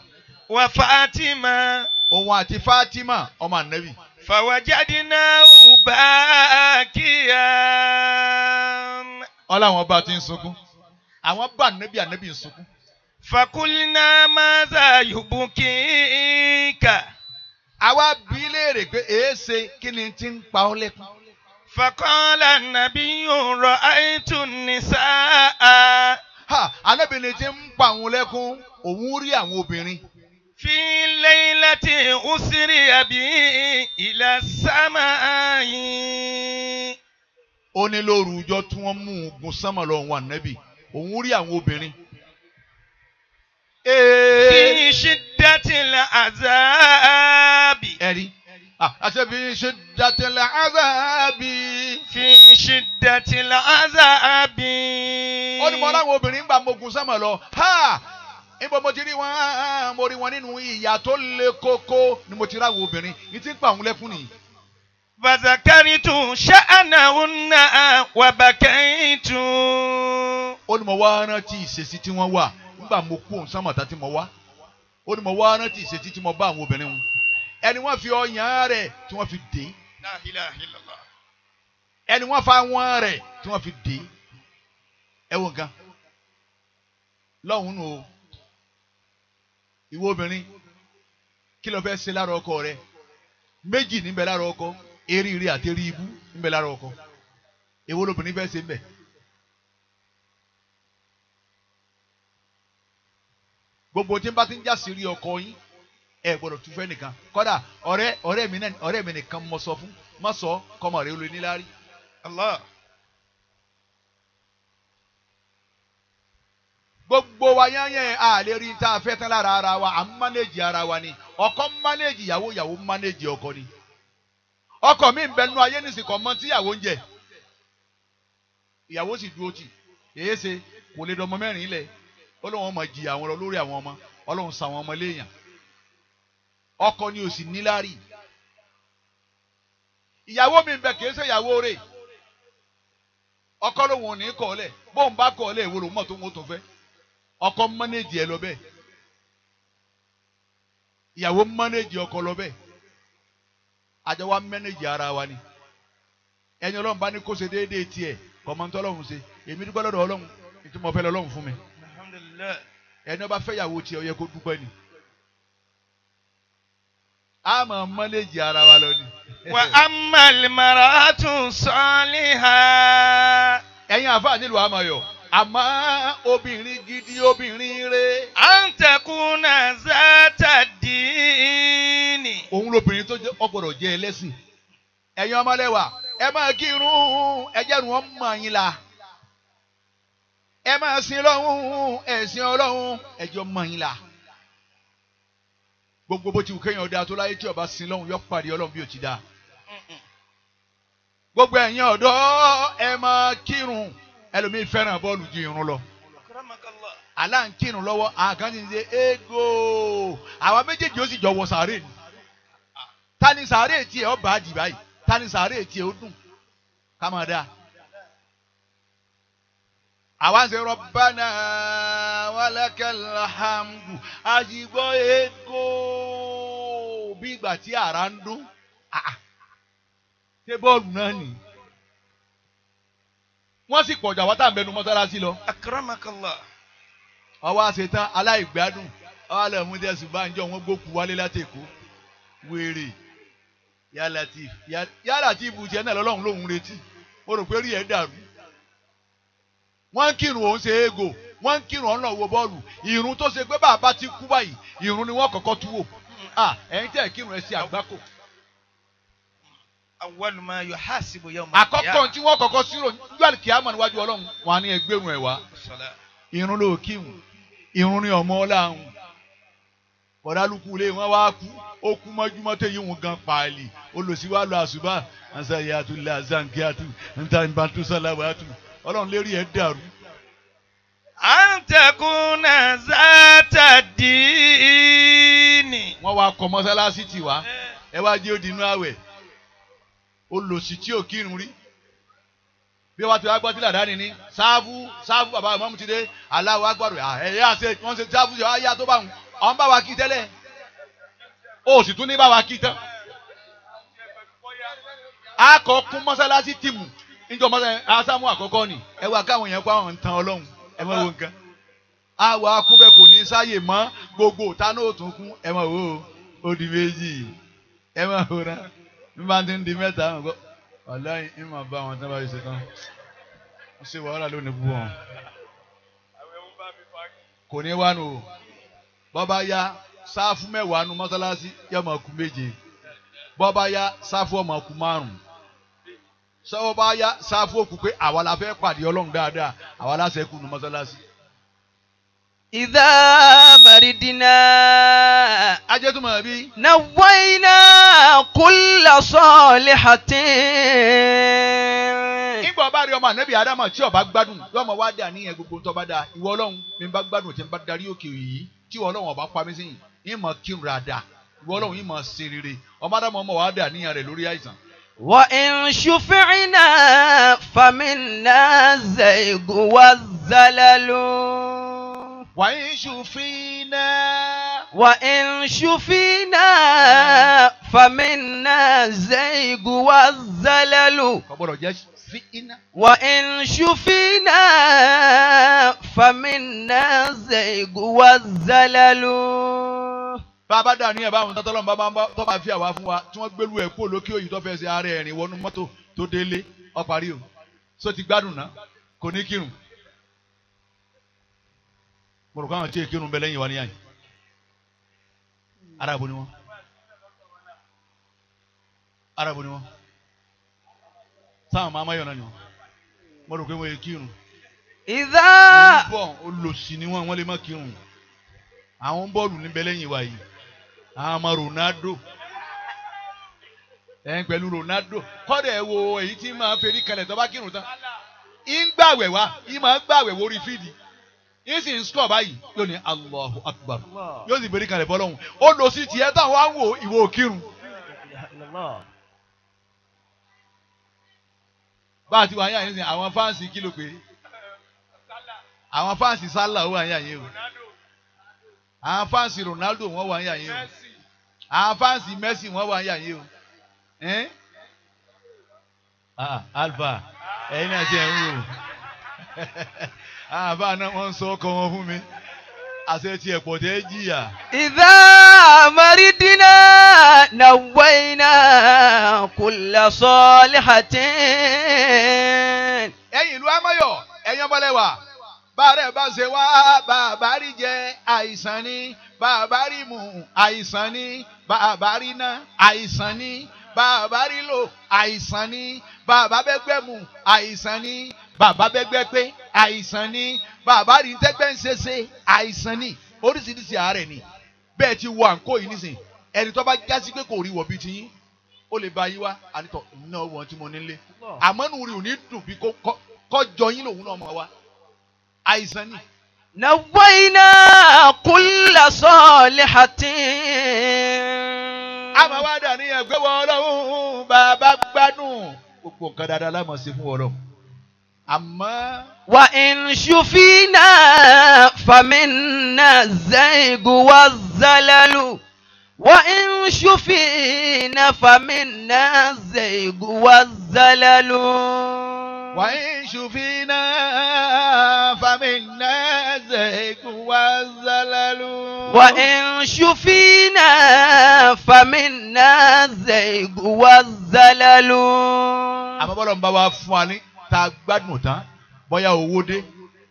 S2: Wa Fatima. Òun àti Fatima ọmọ ànábì fàwájádínà bákíyàn. ọlọ́wọ́n bá ti ń sunkún àwọn bá ànábì ànábì ń sunkún. fàkúlínà máza yòbù kíkà. àwa bí léèrè pé èéṣe kí ni ti ń pa ọ́ lẹ́kún. fàkọ́lá nàbí yóò rọ àìtún ní sáà. ànábì ni ti ń pa òun lẹ́kún òun rí àwọn obìnrin. في ليلة أسري بي إلى السماء
S1: ó ní lóru ọjọ́ tí wọ́n mú un gun sánmà lọ òun ànábì òun rí àwọn obìnrin. fi
S2: ṣídátìlẹ̀ àzáàbì. ẹ̀rí àṣẹbí ṣídátìlẹ̀ àzáàbì. fi ṣídátìlẹ̀ àzáàbì.
S1: ó ní mo láwọn obìnrin gbà mo gun sánmà lọ. ha níbo mo ti rí wọn mo rí wọn nínú ìyà tó le koko ni mo ti ráwọ obìnrin ní ti ń pa òun lẹ́kún nìyí. bàtàkárì tún ṣáànà òun náà wà bàkẹ́yìn tún. ó ní mo wá rántí ìṣesí tí wọ́n wà nígbà mo kú òun sámọ̀tá tí mo wá ó ní mo wá rántí ìṣesí tí mo bá àwọn obìnrin wọn ẹni wọ́n fi ọyàn rẹ̀ tí wọ́n fi dé ẹni wọ́n fa wọn rẹ̀ tí wọ́n fi dé ẹ wọ gan lọ́hùn-ún o. ìwọ obìnrin kí ló fẹ́ ṣe lára ọkọ rẹ méjì níbẹ̀ lára ọkọ eré eré àti eré ibú níbẹ̀ lára ọkọ ìwọ lóbìnrin fẹ́ ṣe gbogbo tí n bá ti ń jásí rí ọkọ yín ẹ gbọ́dọ̀ tún fẹ́ nìkan kódà ọ̀rẹ́ mi nìkan sọ fún mo sọ kọmọ rẹ níláárí. Allah. gbogbo wa yányẹ a lè rí tá a tán lára ara wa à ń mánéjì ara wa ni ọkọ ń yawo ìyàwó ìyàwó ń ọkọ ni ọkọ mi ń bẹ nú ayé mọ tí ìyàwó ń jẹ ìyàwó sì dúró tì èyí ṣe kò lè dọmọ ọmọ jìyà àwọn lórí ọmọ àwọn ọmọ léèyàn ọkọ ni o sì ìyàwó mi bẹ kìí ṣe ọkọ lòun ò ní ọ bóun bá ọ ọkọ mánéjì ẹ lọ bẹ́ẹ̀ ìyàwó mánéjì ọkọ lọ bẹ́ẹ̀ àjọ wa mánéjì ara wa ni ẹni ọlọ́run bá ní kó ṣe déédéé tiẹ̀ kọ̀mọ́ntọ́ ọlọ́run ṣe èmi dúpẹ́ lọ́dọ̀ ọlọ́run ìtumọ̀ fẹ́ lọ́lọ́run fún mi
S2: alhamdulillah
S1: ẹni ọba fẹ́ ìyàwó tiẹ̀ ó yẹ kó dúpẹ́ ni
S2: a máa mánéjì ara wa lọ ni. wà á mọ̀ lè tún sọ́ọ́lì ha. ẹ̀yin àfa nílùú àmọ̀ yọ̀. àmọ́ obìnrin gidi obìnrin re. A ń tẹkùn náà zata òun lobìnrin tó gbọ́dọ̀ jẹ́ ẹlẹ́sìn ẹ̀yin
S1: ọmọlẹ́wà ẹ máa kírun ẹjẹrun ọmọ yín la ẹ máa sin lọ́hún ẹ̀sìn ọlọ́hún ẹjọ́ mọ̀ yín la gbogbo bó ti wù kéèyàn dáa tó láyé tí ọba sin lọ́hún yọ pàdé bí ti gbogbo ẹ̀yin ọ̀dọ́ ẹ ẹlòmíì fẹ́ràn bọ́ọ̀lù ju irun lọ aláǹkìrun lọ́wọ́ àkànṣe ṣe égo àwa méjèèjì ó sì jọ wọ sàárè ni ta ni sàárè tiẹ̀ ọ bá a dì báyìí ta ni sàárè tiẹ̀ ó dùn ká máa dáa. àwa ń ṣe rọ́bánà wàlákàlàhàmdù àṣìgbọ́ égo bí ìgbà tí ara ń dún ṣé bọ́ọ̀lù náà nìyí. wọ́n sì pọ̀jù àwọn tá à mọ́sálásí lọ. akramakallah. ọwọ́ àṣetán aláìgbádùn ọwọ́ àlọ́ ìmúdí ẹ̀sùn bá ń jọ wọ́n gbókù wálé láti èkó wèrè ya Latif ya Latif náà lọ́lọ́run lòún retí mo rò pé rí ẹ̀ dàrú. wọ́n ń kírun òun ṣe bàbá ti kú báyìí ni wọ́n kọ́kọ́ tú wò tẹ̀ kírun ẹ̀ sí àgbákò. awaluma yóò há síbo yẹn mọ. àkọ́kọ́ tí wọ́n kọ́kọ́ sírò yọ̀lì kí á mọ̀ níwájú ọlọ́run wọn á ní ẹgbẹ́rún ẹ̀ wá. irun ló kí wọn irun ní ọmọ ọláhùn ọ̀dàlùkù lé wọn wá kú ó kú mọ́júmọ́ tó yí wọn gan paali olùsí wa lọ àṣùbà ansayatu lazankiatu ntàǹbàtú sálàbàtú ọlọ́run lérí ẹ̀ dàrú. à ń tẹkùn náà zátàdínì. wọ́n wá kọ́ mọ́sálásí tiwa ẹ wá jẹ́ òdinú àwẹ̀ olòṣì tí ò kírun rí bí wọ́n ti wá gbọ́ tí làdáni ní sáfù sáfù bàbá ìmọ̀mù ti dé aláwọ̀ agbárò ah, ẹ̀yẹ́ àṣẹ wọ́n ṣe sáfù ṣe ayé àtọ́ bá wọn ọ̀n bá wa kí tẹ́lẹ̀ o sì tún ní bá wa kí tán. akọkún mọ́sálásí tìmù níjọ mọ́sálásí asámú àkọ́kọ́ ni ẹ wá káwọn yẹn kó àwọn ń tan ọlọ́run ẹ mọ̀ wo nǹkan. àwa akúnbẹ kò ní sáyè mọ́ gbogbo òtánú òtún kún ẹ mọ̀ wo ó di méjì ẹ mọ̀ wo náà bí wọ́n ti ń di mẹ́ta àwọn kọ́ ọ̀làyìn ń máa bá wọn tí wọ́n bá yìí ṣe tán wọ́n ṣe wàhálà lónìí púpọ̀ wọn. kò ní wánu o bọ́ba ya sáfù mẹ́wàá nu mọ́sálásí yẹ máa kú méje bọ́ba ya sáfù ọmọ kú márùn sọ́wọ́ bá ya sáfù òkú pé àwa la fẹ́ pàdé ọlọ́run dáadáa àwa la ṣẹ́kù nu mọ́sálásí.
S3: إذا مردنا أجدتم بي نوينا كل صالحة nígbà ọba rí ọmọ ànábì ádámà tí ọba gbádùn lọmọ wá dé àníyàn
S1: gbogbo tó bá dáa ìwọ Ọlọ́run mi bá gbádùn tí n bá darí òkè yìí tí ìwọ Ọlọ́run ọba pa mí sẹ́yìn ìmọ kírun dáadáa ìwọ Ọlọ́run ìmọ ṣe rere ọmọ ádámà ọmọ wá dé àníyàn rẹ lórí àìsàn.
S3: وإن شفعنا فمنا زيغ والزلل وإن شفينا وإن شفينا فمنا زيغ والزلل وإن شفينا فمنا زيغ والزلل
S1: bàbá dàní ẹ̀ báwọn tọ́tọ́ lọ́nà tó bá fi àwa fún wa tí wọ́n gbélú ẹ̀ kó lókè òyìn tó fẹ́ ṣe ara ẹ̀rìn wọnú mọ́tò tó délé ó o só ti gbádùn náà kò ní kírun mọ̀rọ̀ káwọn ti èkéwòn bẹ lẹ́yìn wa níyàn arabu ni wọn arabu ni wọn sáwọn máa yọ̀nà ni wọn mọ̀rọ̀ pé wọ́n yẹ kírun. ìdá. wọ́n bọ̀ olùsí ni wọ́n wọ́n lè má kírun àwọn bọ́ọ̀lù níbẹ̀ lẹ́yìn wa yìí àwọn ọmọ Ronaldo ẹ̀ ń pẹ̀lú Ronaldo kọ́dọ̀ ẹ̀ wo èyí tí máa ń ferí kalẹ̀ tó bá tán wá ń wórí yìí sì ń sọ báyìí yóò ní Allahu Akbar yóò sì bẹ̀rẹ̀ kalẹ̀ fọlọ́hún ó lọ sí tiẹ̀ táwọn á ń wo ìwọ òkírun. bá a ti wà ní àyè sìn àwọn fáǹsì kìlọ̀ pé àwọn fáǹsì sálà ó wà ní àyè o àwọn fáǹsì Ronaldo wọ́n wà ní àyè o àwọn fáǹsì Messi wọ́n wà ní àyè o. Ah, Alfa ẹ̀yin náà ti ẹ̀ ń wò àbá ah, náà wọ́n ń sọ ọkọ wọn fún mi àṣẹ ti ẹ̀pọ̀ tẹ́ jìyà.
S3: ìdá àmàrídínà na wẹ́yìnà kulla salihatin.
S2: ẹ̀yin ìlú amáyọ̀ ẹ̀yin ọmọlẹ́wà
S1: bàárẹ̀ bá ṣe wá bàbá rí jẹ àìsàn ni bàbá rí mu àìsàn ni bàbá rí ná àìsàn ni bàbá rí lò àìsàn ni bàbá bẹ́gbẹ́ mu àìsàn ni bàbá bẹ́gbẹ́ pé àìsàn ni bàbá rí tẹ́gbẹ́ ń ṣe ṣe àìsàn ni oríṣiríṣi àárẹ̀ ni bẹ́ẹ̀ ti wọ àǹkó yìí nísìn ẹni tó bá jásí pé kò rí wọ̀ bíi tiyín ó lè ba yí wá ànítọ́ iná wọn tí mo nílé àmọ́ nù rí òní dùn bí kọjọ yín lòun náà mọ̀ wá
S3: àìsàn ni. nàwọ́iná kulla salihatin. a máa wá dà ní ẹgbẹ́ wọ ọlọ́run bàbá gbádùn gbogbo nǹkan dáadáa lámọ̀ sí fún ọlọ́run àmọ́. wà ìṣúfínà fàmínà zaigu wà zalalu wà ìṣúfínà fàmínà zaigu wà zalalu. wà ìṣúfínà
S2: fàmínà zaigu wà zalalu.
S3: wà ìṣúfínà fàmínà zaigu wà zalalu. àmọ́ ń bá wa fún wa ní tá a gbádùn tán bóyá owó dé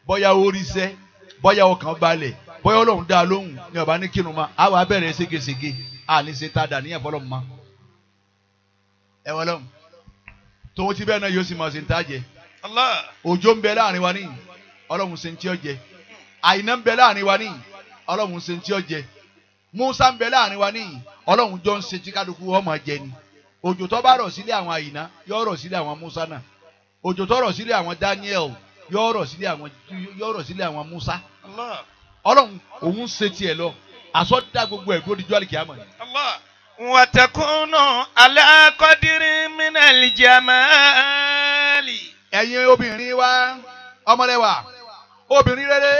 S3: bóyá
S1: orí iṣẹ́ bóyá ọkàn balẹ̀ bóyá ọlọ́run dá a lóhùn ni ọba ní kírun ma a wà bẹ̀rẹ̀ ségesège a ní ṣe tá a dà níyẹn fọlọ́run ma ẹ wọ́n lọ́hùn tòun ti bẹ́ẹ̀ náà yóò sì máa ṣe ń tá jẹ òjò ń bẹ láàrin wa níyì ọlọ́run ṣe ń tí ọ jẹ àìná ń bẹ láàrin wa níyì ọlọ́run ṣe ń tí ọ jẹ musa ń bẹ láàrin wa níyì ọlọ́run jọ ń ṣe tí kálukú ọmọ jẹ ni òjò tó bá rọ̀ sílé àwọn àyìnà yóò rọ̀ sílé àwọn musa náà òjò tó rọ̀ sílé àwọn Daniel yóò rọ̀ sílé àwọn yóò rọ̀ sílé àwọn Musa Ọlọ́run òun ń ṣe tiẹ̀ lọ àsọdá gbogbo ẹ̀ lórí
S2: jọ́lì kìámọ̀ yìí. wàtẹ̀kùnù alákọ̀dírí mínàlì jamali. ẹ̀yin obìnrin wa ọmọlẹ́wà
S1: obìnrin rere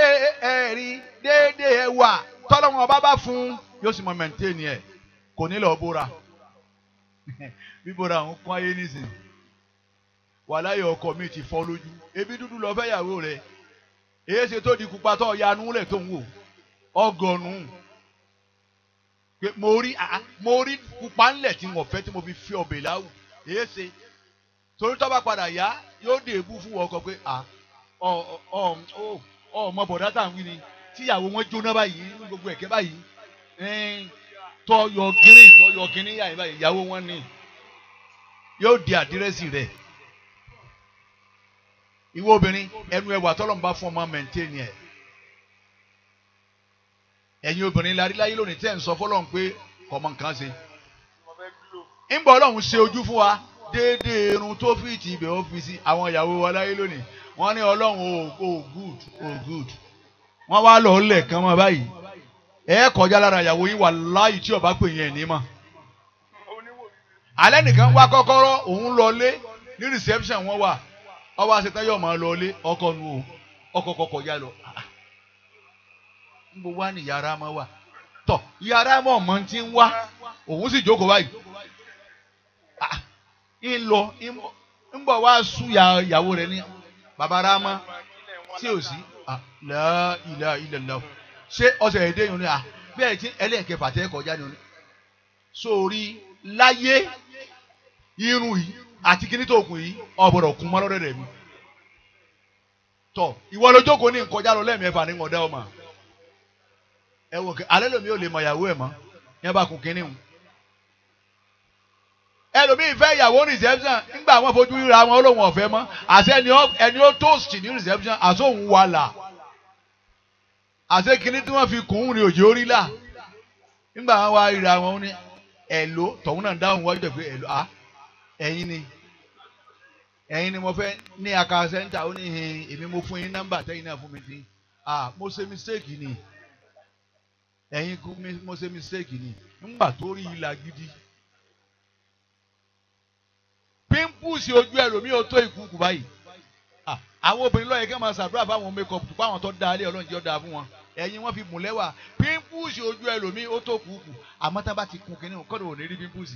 S1: ẹ̀rí déédéé ẹwà tọ́lọ́wọ́n bá bá fún yóò sì mọ mẹ́ńtẹ́ẹ̀nì ẹ̀ kò ní bóra bíbóra òun kún ayé nísìnyí wàláyé ọkọ mi ti fọ́ lójú ebi dúdú lọ fẹ́yàwó rẹ èyí ṣe tó di pupa tó yanú lẹ̀ tó ń wò ọgọ́nù pé mo rí mo rí pupa ńlẹ̀ tí wọ́n fẹ́ tí mo fi fi ọbẹ̀ láwù èyí ṣe torí tó bá padà yá yóò dé ebú fún ọkọ pé à ọ ọ ọ ọmọ bọ̀dá tá à ń wí ni tíyàwó wọn jóná báyìí gbogbo ẹ̀kẹ́ báyìí tọyọ gírin tọyọ gírin yàrá ìyàwó wọn ni yóò di àdírẹ́sì rẹ̀ ìwọ obìnrin ẹnu ẹwà tọ́lọ́mùbá fún ọmọ mẹ́ńtẹ́ẹ̀nì ẹ̀ ẹ̀yin obìnrin la rí láyé lónìí tẹ́ ń sọ fọlọ́run pé kọ̀mọ̀ nǹkan ṣe. ń bọ̀ ọlọ́run ṣe ojú fún wa déédéé irun tó fìtì ibẹ̀ ọ́fíìsì àwọn ìyàwó wa láyé lónìí wọ́n ní ọlọ́run o oh, oh, good o oh, good wọ́n wá lọ lẹ̀ kán mọ́ báyìí ẹ kọjá lára ìyàwó yín wà láyìí tí ọba pè yẹn ní mọ́. alẹ́ nìkan wá kọ́kọ́rọ́ òun lọ lé ní reception wọ́n wà ọwọ́ aṣetán yóò máa lọ ilé ọkọ nu o ọkọ kọkọ ya lọ ah, ah. nbọ wá ní yàrá máa wà tọ yàrá máa mọ ti ń wá òun sì jókòó báyìí ah, ń lọ ń bọ̀ wá sú ìyàwó rẹ̀ ní bàbá rámá tí ò sí láìlà ìlàlá ṣé ọsẹ èdè yìí ni à bẹ́ẹ̀ tí ẹlẹ́ẹ̀kẹfà tẹ́ kọjá ni sórí láyé irun yìí àti kíní tó kù yìí ọ̀bọ̀dọ̀ kún mọ́ lọ́dọ̀ rẹ̀ mi. tọ ìwọ ló jókòó ní nkọjá lọ lẹ́ẹ̀mẹ́fà ní ọ̀dá ọmọ ẹ wò alẹ́ lomi ò lè mọ ìyàwó ẹ̀ mọ́ yẹn bá kún kíní hùn. ẹlòmíì fẹ́ ìyàwó reception ńgbà wọn fojú ra wọn olóhùn ọ̀fẹ́ mọ́ àti ẹni ó toast ní reception àti òun wà là àti kíní tí wọ́n fi kùn ún ní òjò orí là ńgbà wọn wá ríra wọn ní ẹ̀lò tọ̀hún náà dáhùn wájú ah ẹ̀yin ni ẹ̀yin ni mo fẹ́ ní aka sẹ́ńtà ó ní hin èmi mo fún yín nọ́mbà tẹ́yìn náà fún mi ti ah mo ṣe mistake ni ẹ̀yin kú mo ṣe mistake ni ńgbà tó rí ìlà gidi pimples ojú ẹlòmíì ó tó ìkúkú báyìí àwọn obìnrin lọ́yẹ̀ kẹ́ máa ṣàdúrà fáwọn makeup tó fáwọn tó dáa lé ọlọ́run jẹ́ ó dáa fún wọn ẹ̀yin wọ́n fi mú pimples ojú ẹlòmíì ó tó kúkú àmọ́ tá a bá ti kun kínní kọ́dọ̀ ò ní rí pimples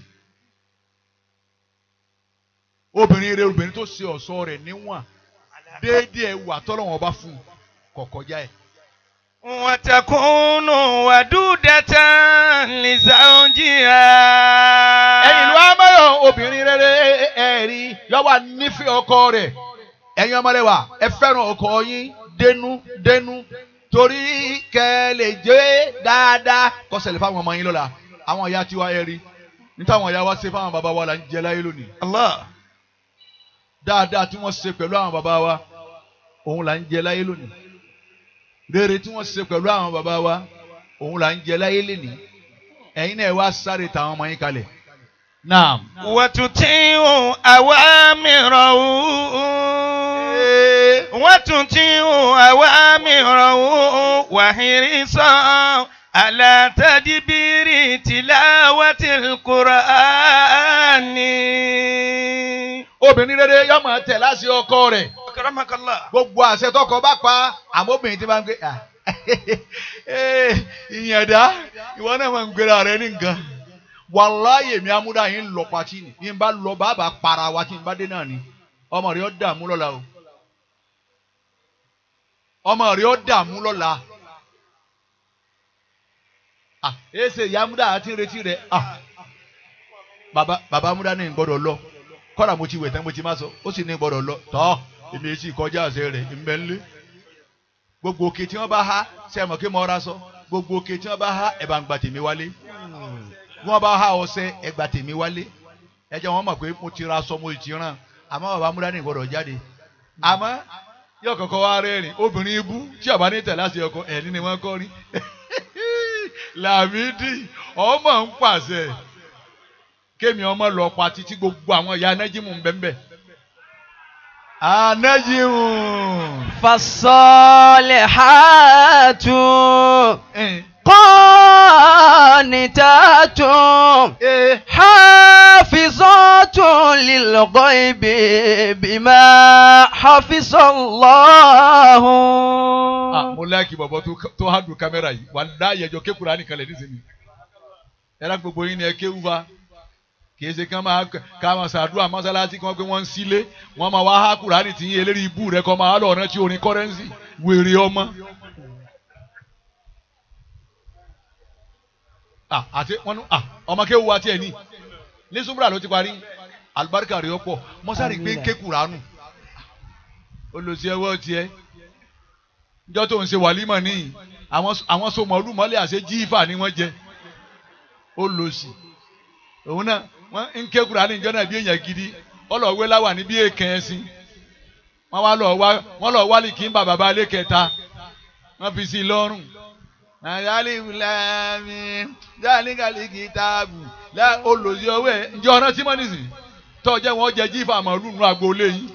S1: obìnrin rẹ obìnrin tó ṣe ọ̀ṣọ́ rẹ̀ níwọ̀n déédéé ẹwà tọ́lọ́wọ́n bá fún un kò kọjá ẹ̀.
S2: wọ́n tẹkùnù wàdúdẹ́tẹ̀ nìṣàǹjìyà. ẹ̀yin ló á mọ́yọ̀ obìnrin rere ẹ̀rí
S1: yọ̀wá nífẹ̀ẹ́ ọkọ rẹ̀ ẹ̀yin ọmọ rẹ̀ wà ẹ fẹ́ràn ọkọ yín dénú dénú torí kẹ́ lè jẹ́ dáadáa kọ́sẹ̀lẹ̀ fáwọn ọmọ yín lọ́la àwọn ìyá tiwa ẹ̀rí níta àwọn ìyá wa ṣe fáwọn bàbá wa là ń jẹ láyé lónìí. Allah dáadáa tí wọ́n ṣe pẹ̀lú àwọn bàbá wa òun là ń jẹ láyé lónìí rere tí wọ́n ṣe pẹ̀lú àwọn bàbá wa òun là ń jẹ láyé lónìí
S2: ẹ̀yin náà wá sáré tàwọn ọmọ yín kalẹ̀ náà. wàtúntìhù àwa mìíràn o. wàtúntìhù àwa mìíràn o wàhírí sàn. على تدبير تلاوة القرآن obìnrin rere yóò láti ọkọ gbogbo àṣẹ tọkọ bá pa
S1: obìnrin ti máa ń gbé ah, eh, ìyẹ̀dá ìwọ náà máa ń gbéra rẹ ní nǹkan wàláyé mi amúdá yìí ń lọ pàtí ni bá lọ bàbá para wa tí náà ni ọmọ rẹ ó dààmú lọ́la o ọmọ Ah, ese ìyá múdà àti retí ah bàbá bàbá múdà ní gbọdọ lọ kọ́ra mo ti wẹ̀ tán mo ti má sọ ó sì ní gbọ́dọ̀ lọ tọ́ èmi èsì ìkọjá àṣẹ rẹ̀ gbogbo oke ti wọn bá há sẹ́mọ̀ kí mo ra gbogbo oke ti wọn bá ha ẹ̀ bá ń tèmi wálé mo ti ra mo ti ràn jáde obìnrin tí làmídì ọmọ ń pàṣẹ kémi ọmọ lọ pa títí gbogbo àwọn ìyá anájímù ń bẹ́ńbẹ́.
S3: anájímù. fasọ́lẹ̀ hàtú. قانتات eh. حافظات للغيب بما حفظ الله
S1: ah, mo bọ̀bọ̀ tó hádùn kámẹ́rà yìí wà láàyè ẹjọ́ ké Kùránì kalẹ̀ nísìnyí ẹ̀rọ gbogbo yín ni ẹ kéwù wa kìí ṣe kán máa ká máa ṣàdúrà mọ́sálásí kan pé wọ́n sílé wọ́n máa wá há Kùránì tí eléyìí kọ́ máa lọ́ọ̀rán tí orin kọ́rẹ́ńsì wèrè ọmọ. àti wọn nu ọmọ kéwu wa tiẹ̀ ní ní sùmùrà ló ti parí alibarika rẹ̀ pọ̀ mọ́sárì gbé kékuranu olùsí ẹwọ́ tiẹ̀ njọ́ tó ń ṣe wàlímọ̀ níyì àwọn so mọ̀ọ́lù àṣẹ jíìfà ni wọ́n jẹ olùsí òun náà wọ́n ń kékuranu njọ́ náà bí èèyàn gidi ọlọ́wé láwà ní bí èèkàn wọ́n wá wálì kí n bàbá balẹ̀ kẹta wọ́n fi sí i lọ́rùn. àyálì wùlẹ́mí jáàlì kàlí kìtàbù lẹ́ olùyọ̀wé ǹjẹ́ ọ̀ràn tí tọ jẹ wọn jẹ́ jífà
S3: màálù nù agboolé yìí.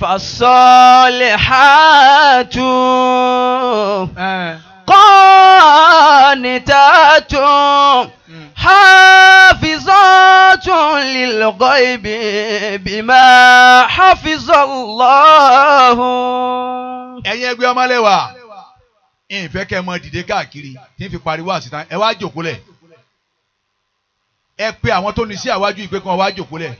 S3: fasọ́lẹ̀ hàtú hmm. kọ́ọ̀nìtàtú hafizọ́tú lìlọ́gọ́ ibi bímá hafizọ́láhùn. ẹ̀yin ẹgbẹ́ ọmọlẹ́wà.
S1: ìfẹ́ kẹ́ mọ dìde káàkiri tí ń fi pariwo àsìtàn ẹ wá jòkó lẹ̀ ẹ pe àwọn tó ní sí àwájú ìpè kan wá jòkó lẹ̀.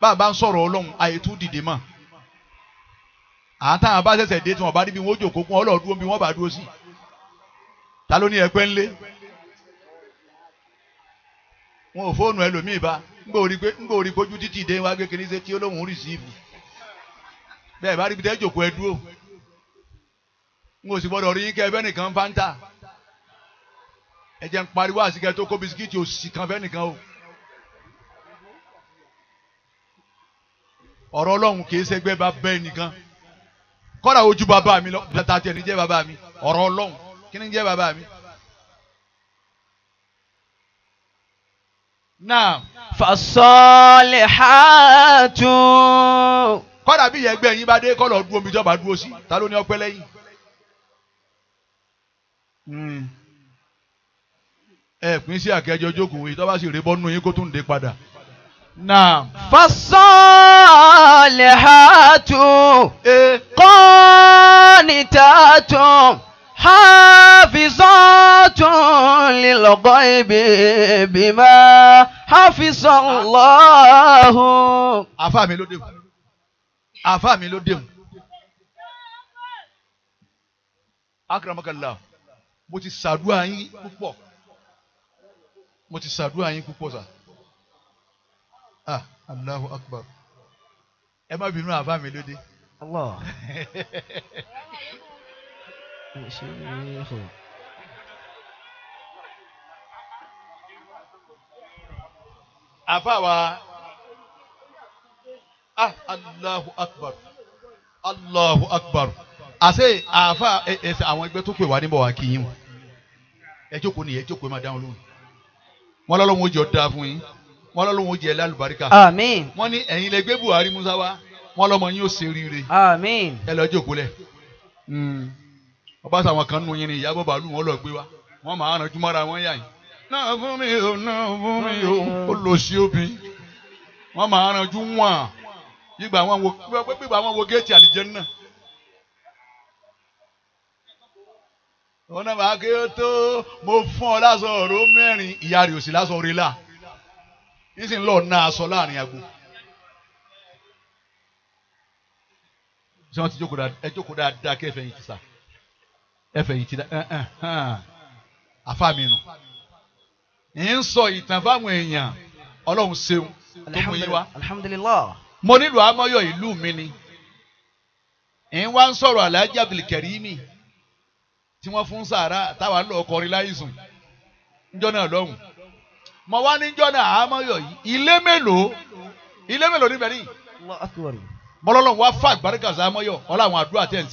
S1: bàbá ń sọ̀rọ̀ ọlọ́run àyè tún dìde mọ́ àtàwọn bá ṣẹ̀ṣẹ̀ dé tí wọ́n bá níbi wọn ó jòkó kún bí wọ́n bá dúró sí ta ló ní ẹgbẹ́ ńlé wọn ò fóònù ẹlòmíì bá ń gbòòrí gbójú títì dé wá gbé kiri ṣe tẹ́ ẹ bá rí ibi tẹ́ jòkó ẹ dúró n kò sì gbọ́dọ̀ rí kẹ́ ẹbẹ́ nìkan fanta ẹ jẹ́ ń pariwo àsìkẹ́ tó kó bisikíìtì òsì kan fẹ́ nìkan o. ọ̀rọ̀ ọlọ́run kì í ṣẹgbẹ́ bàbá ẹnìkan kọ́dà ojú bàbá mi lọ bàtà tiẹ̀ ní bàbá mi ọ̀rọ̀ ọlọ́run kí ni bàbá mi.
S3: náà. fasolihatu
S1: kọ́dà bí ìyẹn gbé yín bá dé kọ́ lọ dúró omi ìjọba dúró sí ta ló ní ọpẹ́ lẹ́yìn. Hmm. ẹ pín sí àkẹjọ jókòó yìí tó sì rí bọ́nú yín kó tún dé padà.
S3: Naam. Fasalihatu e. qanitatun hafizatun lilghaibi bima hafizallahu. Àfáà mi ló dé kù
S1: àfa mi ló dé mu akramakala mo ti ṣàdúrà yín púpọ̀ mo ti ṣàdúrà yín púpọ̀ sà ah Allahu akbar ẹ má bínú àfa mi ló dé. Allah. àfa wa ah allahu akbar allahu akbar àṣẹ àáfà ẹsẹ àwọn ẹgbẹ́ tó pè wá níbọ̀ wá kí yín wọn ẹ jókòó nìyẹn ẹ jókòó ẹ máa dáhùn lóhùn wọn lọ́lọ́run ó jọ dáa fún yín wọn lọ́lọ́run ó jẹ lálùbáríkà àmín wọn ní ẹ̀yin lẹ gbé Buhari Musa wá wọn lọ́mọ yín ó ṣe rire ẹ lọ jókòó lẹ̀ hmm. ọba sàwọn kan nù yín ni Ìyábọ̀ Bàálù wọn lọ gbé wá wọn máa rànjú mọ́ra wọn yà yín náà fún mi ò náà fún mi ò ó lọ sí òbí wọn máa rànjú wọn gbígbà wọn wo gbígbà wọn wo géètì àlìjẹ́nnà. wọn náà bá ké tó mo fún ọ lásán ọ̀rọ̀ mẹ́rin ìyá rẹ̀ ò sí lásán orí là yìí sì ń lọ ná aṣọ láàrin agbo. ṣé ti jókòó dáadáa ẹ jókòó dáadáa kí ẹ fẹ̀yìn tì ẹ fẹ̀yìn àfa mi nù. ń sọ ìtàn fáwọn èèyàn ọlọ́run ṣeun tó mú yín wá. alhamdulilayi. mo nílùú amọyọ ìlú mi ni ń wá ń sọ̀rọ̀ Alhaji Abdulkarimi tí fún sàárà táwa lọ kọrin láìsùn níjọ́ náà lọ́hùn mo wá níjọ́ náà amọyọ yìí ilé mélòó ilé mélòó níbẹ̀ ní. mọlọ́lọ́hún wá fà àgbàríkà sàmọ́yọ̀ ọ̀la àwọn àdúrà tẹ̀ ń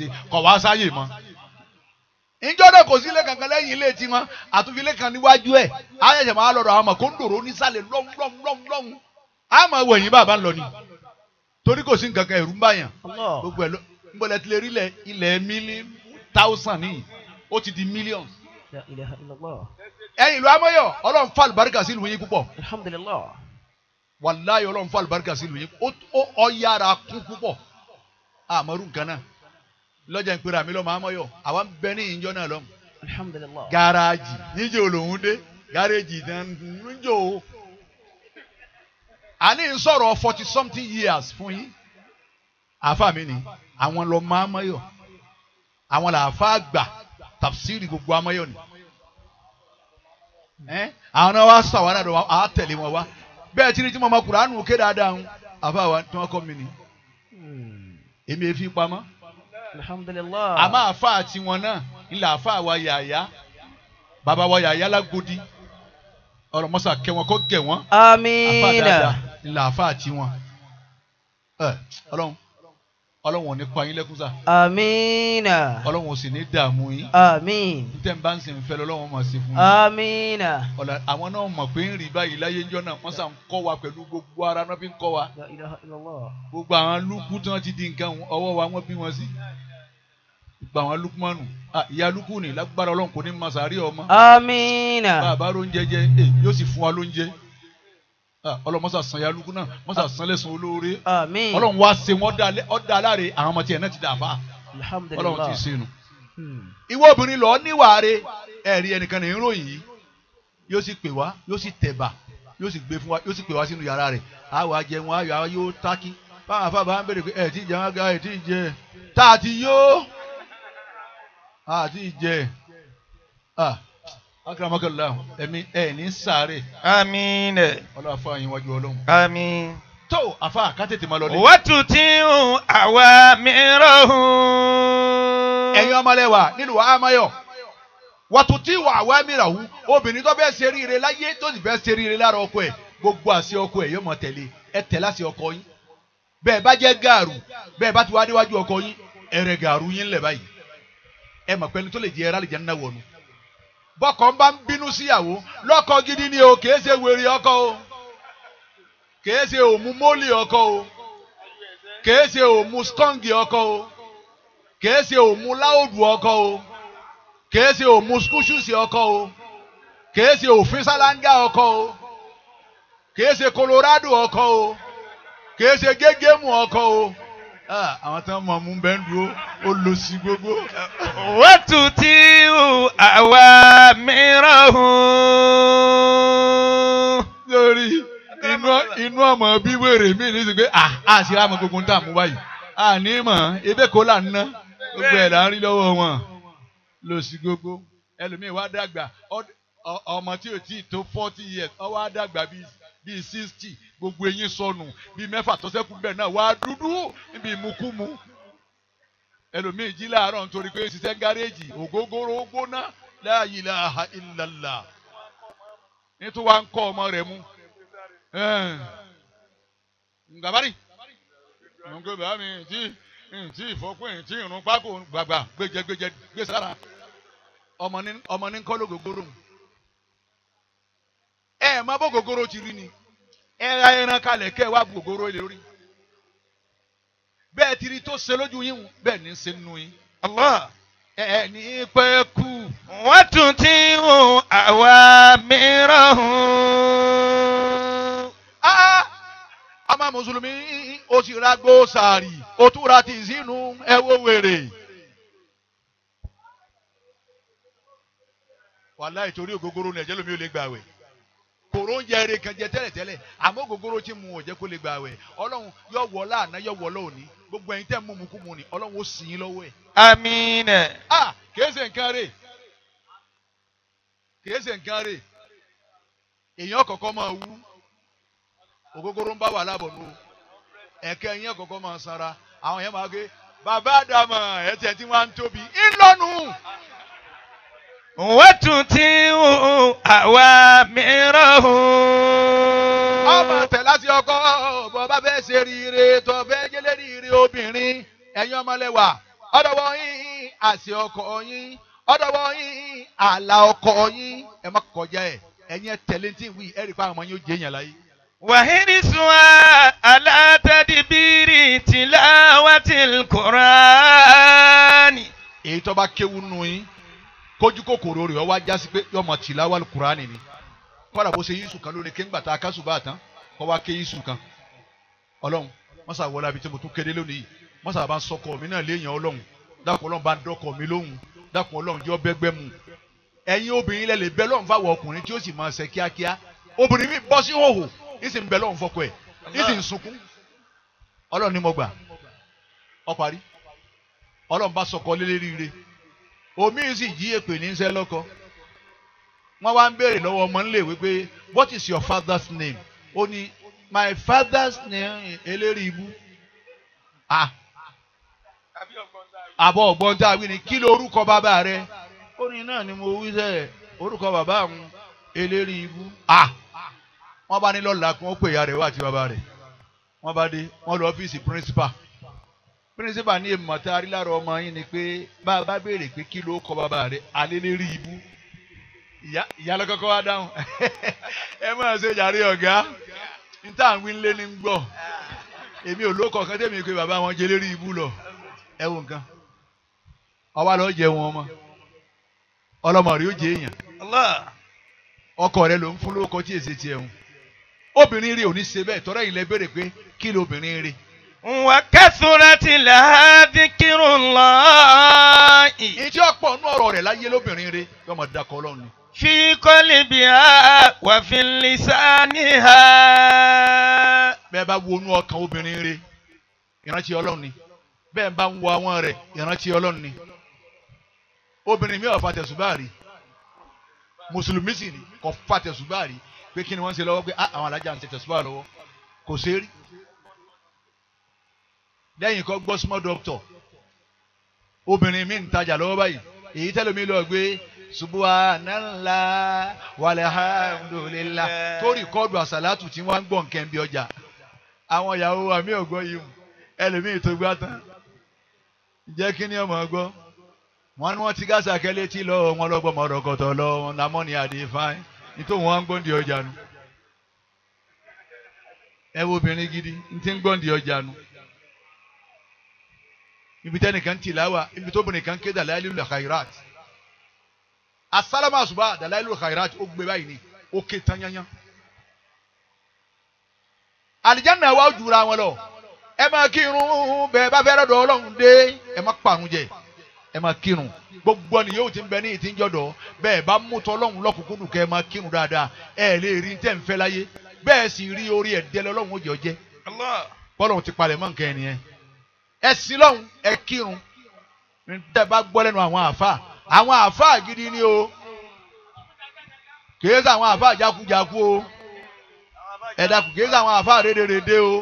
S1: wá sáyè náà kò sí ilé kankan ilé ilé kan níwájú ayẹyẹ máa àwọn ọmọ kó ń dòrò bàbá ń lọ ni. torí kò sí nǹkan kan ẹ̀rú ń báyàn gbogbo ẹ̀ ló ń bọ̀lẹ̀ tilẹ̀ rí ilẹ̀ ilẹ̀ mílíọ̀n táwùsàn nìyí ó ti di mílíọ̀n. ẹ̀yin ìlú amọ́yọ̀ ọlọ́run fa àlùbáríkà sí ìlú yín púpọ̀ wàláyé ọlọ́run fa àlùbáríkà sí ìlú yín ó yára kún púpọ̀ àmọ́rú nǹkan náà lọ́jà ń pera mi lọ́mọ amọ́yọ̀ àwa ń bẹ ní ìjọ náà lọ́mù gáràjì níjẹ́ olóhùn dé gáràjì ìdánilójó àní ń sọ̀rọ̀ forty something years fún yín àáfà mi ni àwọn lọ máa mọ́yọ̀ àwọn làáfà àgbà tafsiri gbogbo amáyọ̀ ni àwọn náà wá sàwọn náà á tẹ̀lé wọn wá bẹ́ẹ̀ tí ní tí mo máa Kùránù ké dáadáa ń àáfà wa tí wọ́n kọ́ mi ni èmi èéfín pamọ́ alhamdulillah àmọ́ àáfà àti wọn náà ńlá àáfà wa yàyà bàbá wa yàyà lágbódì ọ̀rọ̀ mọ́sà kẹwọn kó gẹ̀ wọ́n dáadáa làáfà tiwọn ọlọ́run ọlọ́run ò ní pa yín lẹ́kún sá.
S3: amiina.
S1: ọlọ́run ò sì ní dààmú yín. amiin. n tẹ́ n bá ń sìn fẹ́ lọ́wọ́ mọ̀ sí fún mi. amiina. ọ̀la àwọn náà mọ̀ pé ń rí báyìí láyé ńjọ́ náà wọ́n sàn kọ́ wa pẹ̀lú gbogbo ara náà fi ń kọ́ wa. gbogbo àwọn lukú tí wọ́n ti di nǹkan ọwọ́ wa wọ́n bí wọn sí. gbogbo àwọn lukumanu ìyá lukú ni lágbára ọlọ́run kò ní masari ọmọ. amiina. bàbá ló ń jẹjẹ yóò sì Ah, ọlọ́run mọ́sà san yálùkù náà mọ́sà san lẹ́sùn olóore ọlọ́run wá se wọ́n ọ̀dà aláre àwọn ọmọ tiẹ̀ náà ti dà ọlọ́run ti ṣe hmm. ìwọ obìnrin lọ níwà ẹ̀rí ẹnìkan ní yìí yóò sì pè wá yóò sì tẹ̀bà yóò sì gbé fún wa yóò sì pè wá sínú yàrá rẹ̀ àwọn ayọ̀ yóò tákì báwọn ń pé ẹ̀ tí ì jẹ wọn ga ẹ̀ tí ì jẹ akaramakala ẹ̀mí ẹ̀ ní sáré. àmín. ọlọ́wà fún àyìn wájú ọlọ́run. àmín. tó àfa àkátètè máa lọlé. wọ́n
S2: tún ti ń àwa mìíràn hùn. ẹ̀yin ọmọlẹ́wà nílùú amáyọ̀
S1: wọ́n tún ti wà àwa mìíràn hùn obìnrin tó bẹ́ẹ̀ ṣe ríire láyé tó sì bẹ́ẹ̀ ṣe ríire lára ọkọ ẹ̀ gbogbo àṣẹ ọkọ ẹ̀ yóò mọ̀ tẹ̀lé ẹ tẹ̀ láṣẹ ọkọ yín bẹ́ẹ̀ bá jẹ́ gàrú bẹ́ẹ̀ bá ti wá níwájú ọkọ yín ẹ̀rẹ̀ gàrú yín lẹ̀ báyìí ẹ mọ̀ pẹ́ni tó lè jẹ́ ẹ̀rá lè nínú àwọn ọ̀nù bọ́kọ ń bá ń bínú síyàwó lọ́kọ gidi ni o kìí ṣe wèrè ọkọ o kìí ṣe òmùmọ́lì ọkọ o kìí ṣe òmù skọ́ǹgì ọkọ o kìí ṣe òmù láòdù ọkọ o kìí ṣe òmù skúṣùsì ọkọ o kìí ṣe òfin sálángà ọkọ o kìí ṣe Colorado ọkọ o kìí ṣe gégémù ọkọ o.
S2: Ah, àwọn tí wọ́n mọ̀ mú bẹ́ẹ̀ ń dúró ó lọ sí gbogbo. wọ́n tún ti hù àwa mìíràn hùn.
S1: lórí inú ọmọ bí wèrè mi ní ti pé ah, a ṣe àmọ́ gbogbo ń tà mú báyìí a ní mọ̀ ebè kó là ń ná gbogbo ẹ̀ là lọ́wọ́ wọn lọ sí gbogbo ẹlòmíì wá dàgbà ọmọ tí ò tí tó forty years ó wá dàgbà bíi bíi sixty gbogbo eyín sọnù bíi mẹ́fà tó bẹ́ẹ̀ náà wàá dúdú níbi ìmukúmu ẹlòmíì jí láàárọ̀ nítorí pé ṣiṣẹ́ gáréèjì ògógóró gbóná la ilaha nítorí ń kọ́ ọmọ rẹ̀ mú gbàbárì nùgbẹ́ bàá mi tí tí ìfọ́pẹ́ tí ìrún pákó gbàgbà gbesara gbẹjẹ gbèsára ọmọ ní ẹ mọ bó ti rí ni ẹ ra ẹran kalẹ̀ kẹ́ ẹ wá gogoro lè rí bẹ́ẹ̀ ti rí tó ṣe lójú yín bẹ́ẹ̀ ní í ṣe nínú yín. Allah ẹni
S2: pẹ́ kú. wọ́n tún ti hùn àwa mìíràn
S1: ah, ah. mùsùlùmí
S2: o sì ra gbósàárì
S1: o tún ra ti sínú ẹwọ wèrè. wàhálà ògógóró ni ẹ̀jẹ̀ lómi ò lè kò róúnjẹ eré kan jẹ tẹ́lẹ̀tẹ́lẹ̀ àmọ́ ògógóró tí mu ò jẹ́ kó lè gbà àwẹ̀ ọlọ́run yóò wọ láàná yóò wọ gbogbo ẹ̀yin tẹ́ mú mu kú mu ni ọlọ́run ó ẹ̀.
S2: amiina. a
S1: nǹkan rè nǹkan rè èèyàn kọ̀ọ̀kan máa wú ògógóró ń bá wà lábọ̀ nù ẹ̀kẹ́ kọ̀ọ̀kan máa sanra àwọn máa bàbá àdàmọ̀ ẹ̀
S2: wọ́túntún àwa mìíràn hù. ọmọ tẹ̀ láti ọkọ ọ̀bọ̀ bá fẹ́ ṣe rire tó fẹ́ jẹ́lé rire
S1: obìnrin ẹ̀yin ọmọlẹ́wà ọ̀dọ̀wọ́ yín àṣẹ ọkọ yín ọ̀dọ̀wọ́ yín àlà ọkọ yín ẹ má kọjá ẹ̀ ẹ̀yin ẹ tẹ̀lé tí wí ẹ̀ rí i pa ọmọ yín ó jẹ́ yàn láyé.
S2: wàhíní sùnwà alátàdìbírì tìláwàtìl kùránì. èyí tó bá kéwu nù yín.
S1: kójú kòkòrò rẹ̀ ọ wá jásí pé yọmọ tìlá wà ni kọ́dà bó ṣe yíṣù kan lónìí kí aka tá a kásù bá tán kọ́ wá ké yíṣù kan ọlọ́run mọ́sà wọlé àbí tí mo tún kéde lónìí mọ́sà bá ń sọkọ mi náà léèyàn ọlọ́run dákun ọlọ́run bá ń dọ́kọ̀ mi lóhùn dákun ọlọ́run jẹ́ mu ẹ̀yin obìnrin lẹ́lẹ̀ mi bọ́ sí hòhò ń fọkọ ẹ̀ ọ parí ọlọ́run bá omi sì jí èpè ní sẹ́ lọ́kọ wọ́n wá ń béèrè lọ́wọ́ ọmọ nílé ìwé what is your father's name ó ní my father's name eléri ibú ah àbọ̀ ọ̀gbọ́n tá a wí ni kí ló orúkọ bàbá rẹ ó ní náà ni mo wí sẹ́ orúkọ bàbá àwọn eléri ibú ah wọ́n bá ní lọ́la kí wọ́n pè ya rẹ̀ wá àti bàbá rẹ̀ wọ́n bá dé wọ́n lọ ọ́fíìsì principal. pírísípà ní èmi mọ̀tá arílára ọmọ yín ni pé bá a bá béèrè pé kí ló kọ bàbá rẹ alélérí ibú ìyá lọ́kọ́kọ́ wá dáhùn ẹ máa ṣe jàre ọ̀gá n tá à ń ní gbọ́ èmi ò lóko kan pé bàbá wọn jẹ lérí ibú lọ ẹ wo nǹkan lọ jẹ wọn ọmọ ọlọmọ ọkọ rẹ ló ń fún lóko tí èsì tiẹ̀ hùn obìnrin ṣe bẹ́ẹ̀ وكثرت
S2: لها ذكر الله. ìjẹ́ ọ̀pọ̀ nú ọ̀rọ̀ rẹ̀ láyé lóbìnrin rẹ̀ yóò máa dakọ̀ ọlọ́run ni. في قلبها وفي لسانها. bẹ́ẹ̀ bá wo inú ọkàn obìnrin rẹ̀ ìrántí ọlọ́run ni
S1: bẹ́ẹ̀ bá wo àwọn rẹ̀ ìrántí ọlọ́run ni. obìnrin mi ò fa tẹ̀sùbá rí mùsùlùmí ni kò fa tẹ̀sùbá rí pé kí ni wọ́n ń ṣe lọ́wọ́ pé ah, àwọn alájà ń ṣe tẹ̀sùbá lọ́wọ́ kò ṣe é lẹ́yìn kọ́ gbọ́ small doctor obìnrin mi ń tajà lọ́wọ́ báyìí èyí tẹ́lómi lọ gbé subhanallah walhamdulillah tó rìkọ́dù àsàlátù tí wọ́n ń gbọ̀n kẹ́ ọjà àwọn ìyàwó wa mi yìí o ẹlòmíì tó gbá tán jẹ́ kí ni ọmọ gbọ́ wọn ni ti gásà kẹ́lé tí wọn ni ibi tẹ́ nìkan ti láwà ibi tó bìnrin kan ké dalailul khairat asálámà àṣùbà dalailul khairat ó gbé báyìí ni ó ké tanyanya àlìjáná wa ó jura wọn lọ ẹ máa kírun bẹ́ẹ̀ bá fẹ́rẹ̀ dọ̀ ọlọ́run dé ẹ má parun jẹ ẹ máa kírun gbogbo ẹni yóò ti ń bẹ ní ìtìjọdọ bẹ́ẹ̀ bá mú tọlọ́run lọ́kùnkúndùn kẹ́ ẹ máa kírun dáadáa ẹ lè rí tẹ́ ń fẹ́ láyé bẹ́ẹ̀ sì rí orí ẹ̀ dẹ́lẹ́ ọlọ́run ó jẹ́ ọjẹ́ bọ́lọ́run ti palẹ̀ mọ́ nǹkan ẹ̀ nìyẹn ẹ sin lọ́hùn ẹ kírun níta bá gbọ́ lẹ́nu àwọn àáfàá àwọn àáfàá gidi ni o kìí ṣe àwọn àáfàá jákujàku o ẹ dákun kìí ṣe àwọn àáfàá rédèrèdè o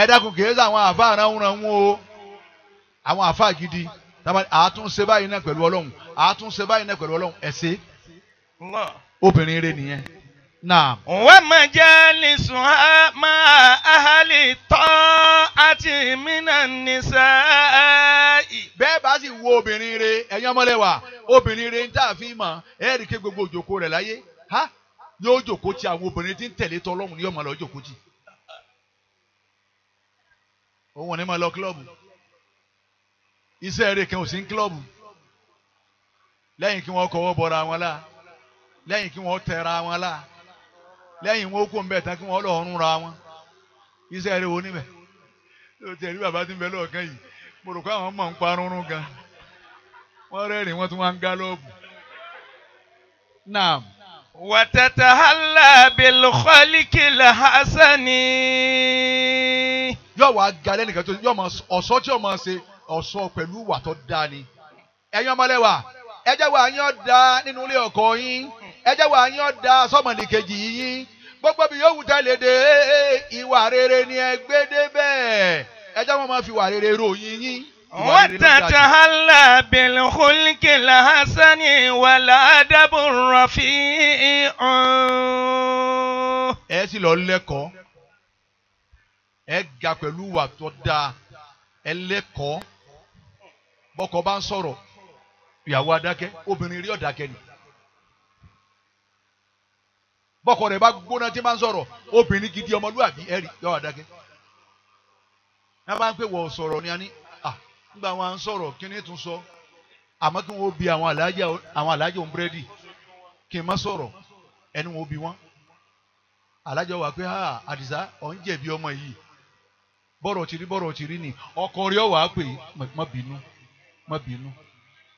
S1: ẹ dákun kìí ṣe àwọn àáfàá ránwúránwú o àwọn àáfàá gidi àtúnṣe báyìí náà pẹ̀lú ọlọ́run àtúnṣe báyìí náà pẹ̀lú ọlọ́run ẹ ṣe obìnrin rẹ nìyẹn.
S2: Naam. Wa majalisu ma ahali tọ́ àti mina nisa'i. Bẹ́ẹ̀ bá sì wo obìnrin re, ẹ̀yin ọmọlẹ́wà,
S1: obìnrin re ń tà fi mọ̀, ẹ̀rì ké gbogbo òjòkó rẹ̀ láyé. Ha yóò jòkó ti àwọn obìnrin tí ń tẹ̀lé tọ́lọ́hún ní ọmọ lọ jòkó ti. Òun ò ní máa lọ kílọ̀bù. Iṣẹ́ eré kan ò sí ní kílọ̀bù. Lẹ́yìn kí wọ́n kọ́wọ́ bọra wọn lá. Lẹ́yìn kí wọ́n tẹra wọn lá lẹ́yìn wọn ó kó nbẹ tán kí wọ́n lọ́ọ̀rún ra wọn iṣẹ́ rẹ̀ wo níbẹ̀ tẹ̀ rí bàbá tí ń bẹ lọ́ọ̀kan yìí mo rò pé àwọn mọ̀ ń parun gan wọ́n rẹ́rìn wọ́n tún wá ń
S2: gálọ́ọ̀bù. naam. wàtàtàhálà bẹ̀lùkọ́lìkìlà hasani. yóò wá ga lẹ́nìkan tó yóò
S1: máa tí yóò máa ṣe ọ̀ṣọ́ pẹ̀lú ìwà tó ẹ̀yin ọmọlẹ́wà ẹjẹ́ wà yín ọ̀ dáa nínú ilé ọkọ yín ẹjẹ́ wà yín ọ̀dà sọ́mọ̀lì kejì yín
S2: gbogbo bí yóò wù tẹ́ léde ìwà rere ni ẹ gbé débẹ̀ ẹjẹ́ wọn máa fi ìwà rere ròyìn yín. وتتهلى بالخلق الحسن والأدب الرفيع. ẹ sì lọ lẹ́kọ̀ọ́ ẹ ga pẹ̀lú ìwà tó dáa
S1: ẹ lẹ́kọ̀ọ́ bọ́kọ bá ń sọ̀rọ̀ ìyàwó adákẹ́ obìnrin rí ọ̀dákẹ́ nìyí. bọ́kọ rẹ̀ bá gbóná tí máa ń sọ̀rọ̀ obìnrin gidi ọmọlúwàbí ẹ̀rí yọ àdákẹ́. wọ́n ń pè wọ́n sọ̀rọ̀ ni a ní à nígbà wọn à ń sọ̀rọ̀ kí ni tún sọ àmọ́ kí wọ́n bi àwọn alájà òun búrẹ́dì kí n má sọ̀rọ̀ ẹni wọn bi wọn. alájà wà pé àdìsá ọ̀ ń jẹ̀bi ọmọ yìí ti rí ni ọkọ rẹ̀ wà bínú bínú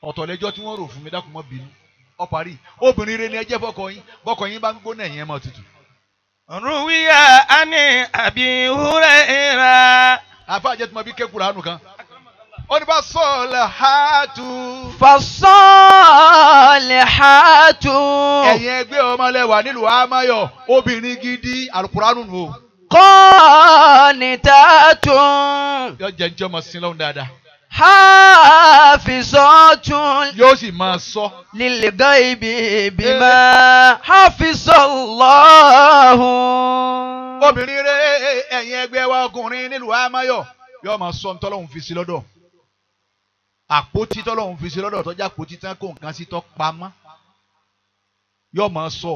S1: ọ̀tọ̀lẹ́jọ́ tí wọ́n rò fún mi ọparí obìnrin rẹ ni ẹ jẹ́ fọkọ yín bọkọ yín bá ń gbóná ẹ̀yìn ẹ máa tutù.
S2: ruwiya ani abi hurera. àfa àjẹtù mọ bí kékùrà nù kan. oníbà sọ̀ọ̀lẹ̀ hàtú. fasọ̀ọ̀lẹ̀
S1: hàtú. ẹ̀yin ẹgbẹ́ ọmọlẹ́wà nílùú amáyọ̀ obìnrin
S3: gidi àlùkùránù nù o. kọ́ọ̀nì tààtù.
S1: yọ jẹ́ njẹ́ ọmọ sílẹ̀ ń dáadáa.
S3: hafizatun. yóò sì máa sọ. lílẹ̀ gan ibi bima eh, eh. hafizallahu. obìnrin rẹ ẹ̀yin ẹgbẹ́ wa ọkùnrin nílùú amáyọ̀ yóò máa
S1: sọ ní tọ́lọ́hún fi sí lọ́dọ̀ àpótí tọ́lọ́hún fi sí lọ́dọ̀ tọ́jà àpótí tán kó nǹkan sí tọ́ pamọ́ yóò máa sọ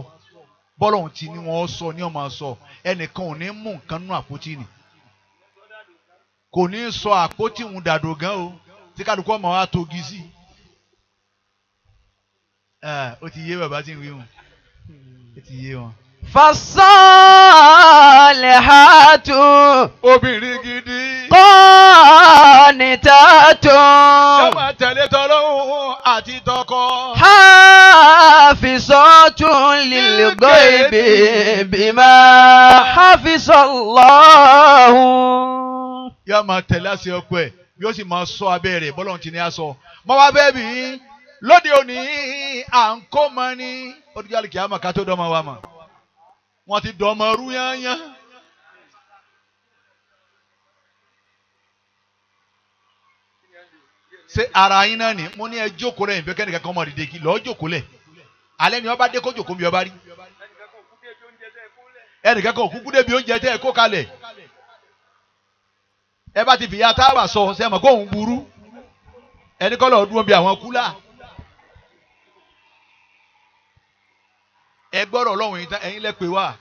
S1: bọ́lọ̀hún ti ni wọ́n sọ ni yóò máa sọ ẹnìkan ò ní mú nǹkan nú àpótí nìyí. kò ní sọ àpótí òun dàdò gan o tí kálukú ọmọ wa togi sí ó ti yé bàbá tí ń wí wọn
S3: ti yé wọn. fasalihatu. obìnrin gidi. qanitatu. yóò máa
S1: tẹ̀lé tọ́lọ́hún àti tọkọ.
S3: hafizatu lil ghaibi bima hafizallahu yóò máa tẹ̀lé
S1: àṣẹ ọkọ ẹ̀ yóò sì máa sọ abẹ́ rẹ̀ bọ́lọ̀ ti ní aṣọ. mo wá bẹ́ẹ̀ bí lóde òní à ń kó mọ ní odidi àlùkí àmọ̀ ká tó dọ́mọ wa mọ̀ wọ́n ti dọ́mọ rú yányán. ṣé ara yín náà ni mo ní ẹ jókòó rẹ̀ ìfẹ́ kẹ́nìkan kan mọ̀ dìde kí lọ́ọ́ jókòó lẹ̀ alẹ́ ni ọba dé kó jókòó bí ọba rí ẹnìkan kan òkúkú débi oúnjẹ tẹ́ ẹ kó kalẹ̀. Ebe bá ti fìyà táwa sọ ṣe mọ̀ kóun burú ẹni kọ́ lọ́ọ́ dúró àwọn kúlà. ẹ gbọ́dọ̀ ọlọ́run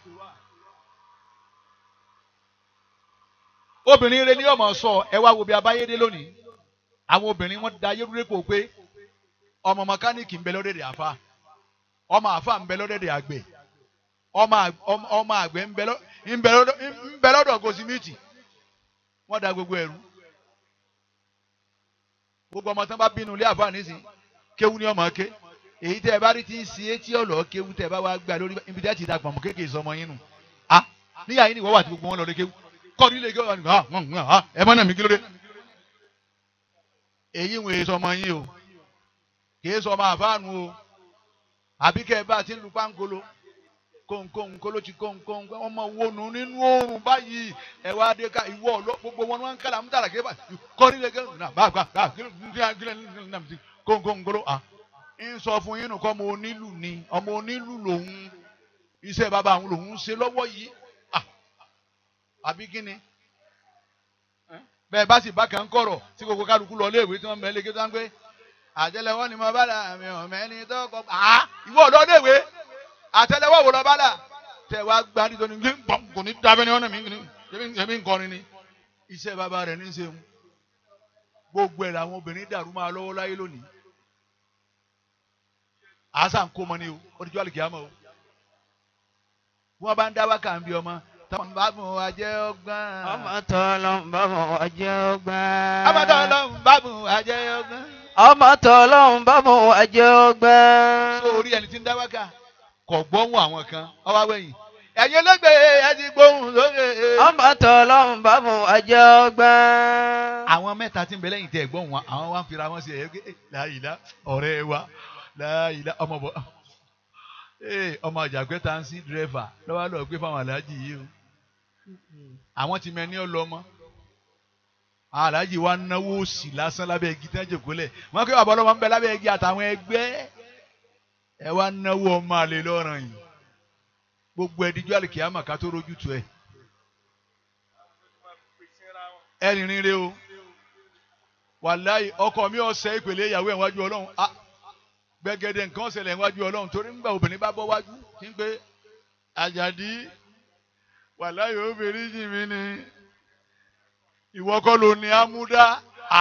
S1: obìnrin rẹ ní ọmọ sọ ẹ wá wo bí abáyédé lónìí àwọn obìnrin wọn da yérúrépò pé ọmọ ń bẹ àfa ọmọ àfa ń wọ́n da gbogbo ẹ̀rú gbogbo ọmọ tán bá bínú ilé àfáà nísìn kéwú ni ọmọ ké èyí tẹ ẹ bá rí ti ń sin etí ọlọ kéwú tẹ ẹ bá wá gbà lórí ibi tẹ ẹ ti da pọ̀nmù kéèké sọmọ yín nù a níyà yín ni ìwọ wà tí gbogbo wọn lọ lé kéwú kọ́ọ̀dù ilé kéwú ọ̀nà ẹ mọ́ náà mi kí ló dé. èyí ń wèé sọmọ yín o kì í sọmọ àfáànù o àbíkẹ́ bá ti ń lu páńkolo kóńkóń kó ló ti kóńkóń wọ́n máa wọnú nínú oòrùn báyìí ẹ̀wá adé ká ìwọ lọ gbogbo wọn wọn ń kálá mútàlá kí bá kọ́rí lẹ́gẹ́ kóńkóń kó ló à ń sọ fún yín nìkan ọmọ onílù ni ọmọ onílù lòun iṣẹ́ bàbá àwọn lòun ṣe lọ́wọ́ yìí àbí kí ni bẹ́ẹ̀ bá sì bá kàn kọ̀rọ̀ tí gbogbo kálukú lọ léèwé tí wọ́n mẹ́lẹ́gẹ́ tó ń gbé ni mo bá dà mí ọ̀mẹ́ni tó kọ́ àtẹ́lẹwọ́ wò lọ bá là tẹ wá gba nítorí ní gbọǹgùn ní dábẹ́ ní ọ̀nà mi ní ẹbí ń kọrin ni iṣẹ́ bàbá rẹ̀ ní í ṣeun gbogbo ẹ̀ làwọn obìnrin dàrú máa lọ́wọ́ láyé lónìí àásà ń kó mọ ni o ó ti jọ́ àlùkìyà mọ́ o wọ́n bá ń dá wákà ń bí ọmọ tọ́mọ bá mú wa jẹ́ ọgbọ́n. ọmọ
S3: tọ́lọ́ ń bá mú wa jẹ́ ọgbọ́n. ọmọ
S1: tọ́lọ́ ń bá mú wa jẹ́ ọgbọ́n.
S3: ọmọ tọ́lọ́ ń bá mú wa jẹ́ ọgbọ́n.
S2: sórí ẹni tí ń dá wákà kò gbóhùn àwọn kan ọwọ́ wẹ̀yìn ẹ̀yin olóògbé
S3: ẹ ti gbóhùn lókè. ọmọ tó lọ́hùn bá mu ọjọ́ ọgbọ́n.
S1: àwọn mẹ́ta tí ń bẹ lẹ́yìn tẹ ẹ̀gbọ́n wọn àwọn wa ń fira wọn sí ẹ̀yẹ́ pé láyìlá ọ̀rẹ́ wa láyìlá ọmọ bọ̀ ọmọ àjàgbé tansí dírẹ́fà lọ́wọ́ lọ́ọ́ gbé fáwọn aláàjì yìí o àwọn ti mẹ́ni ọlọ́mọ aláàjì wa náwó sí lásán lábẹ́ igi tí wọ́n wọ́n kí wàá bọ́ lọ́mọ ń bẹ lábẹ́ igi àtàwọn ẹgbẹ́ ẹ wá náwó ọmọ àlè lọ́ràn yìí gbogbo ẹdíjọ́ àlìkìyàmà ká tó rojú ẹ. ẹ o wàláì ọkọ mi ọ̀sẹ̀ ìpele ìyàwó ẹ̀ wájú ọlọ́run gbẹgẹdẹ nǹkan ọ̀sẹ̀lẹ̀ wájú ọlọ́run torí nígbà obìnrin bá wájú kí n pé ni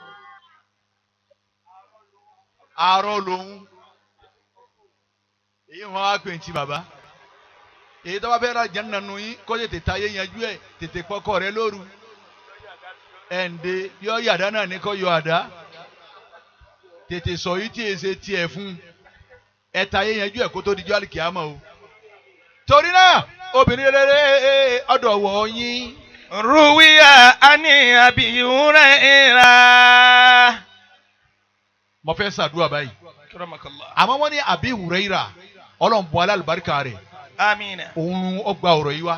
S1: arọ lòun èyí hàn á pè bàbá èyí tó bá fẹ́ ra jẹ́ nànú yín kó tètè ta yanjú ẹ̀ tètè rẹ lóru ẹ̀ǹde yọ yàdá náà ní kọ́ yọ àdá tètè sọ yìí tí èsè tiẹ̀ fún ẹ ta yé yanjú ẹ̀ kó tó di o
S2: torí náà obìnrin rere ọ̀dọ̀ wọ̀ yín. ruwiya ani abi mo
S1: fẹ́ sàdúrà báyìí àmọ́ wọ́n ní àbí wùrẹ́yìrà ọlọ́run bọ́ alálùbáríkà rẹ̀
S2: àmín òun ọgbà ọ̀rọ̀ yìí wá.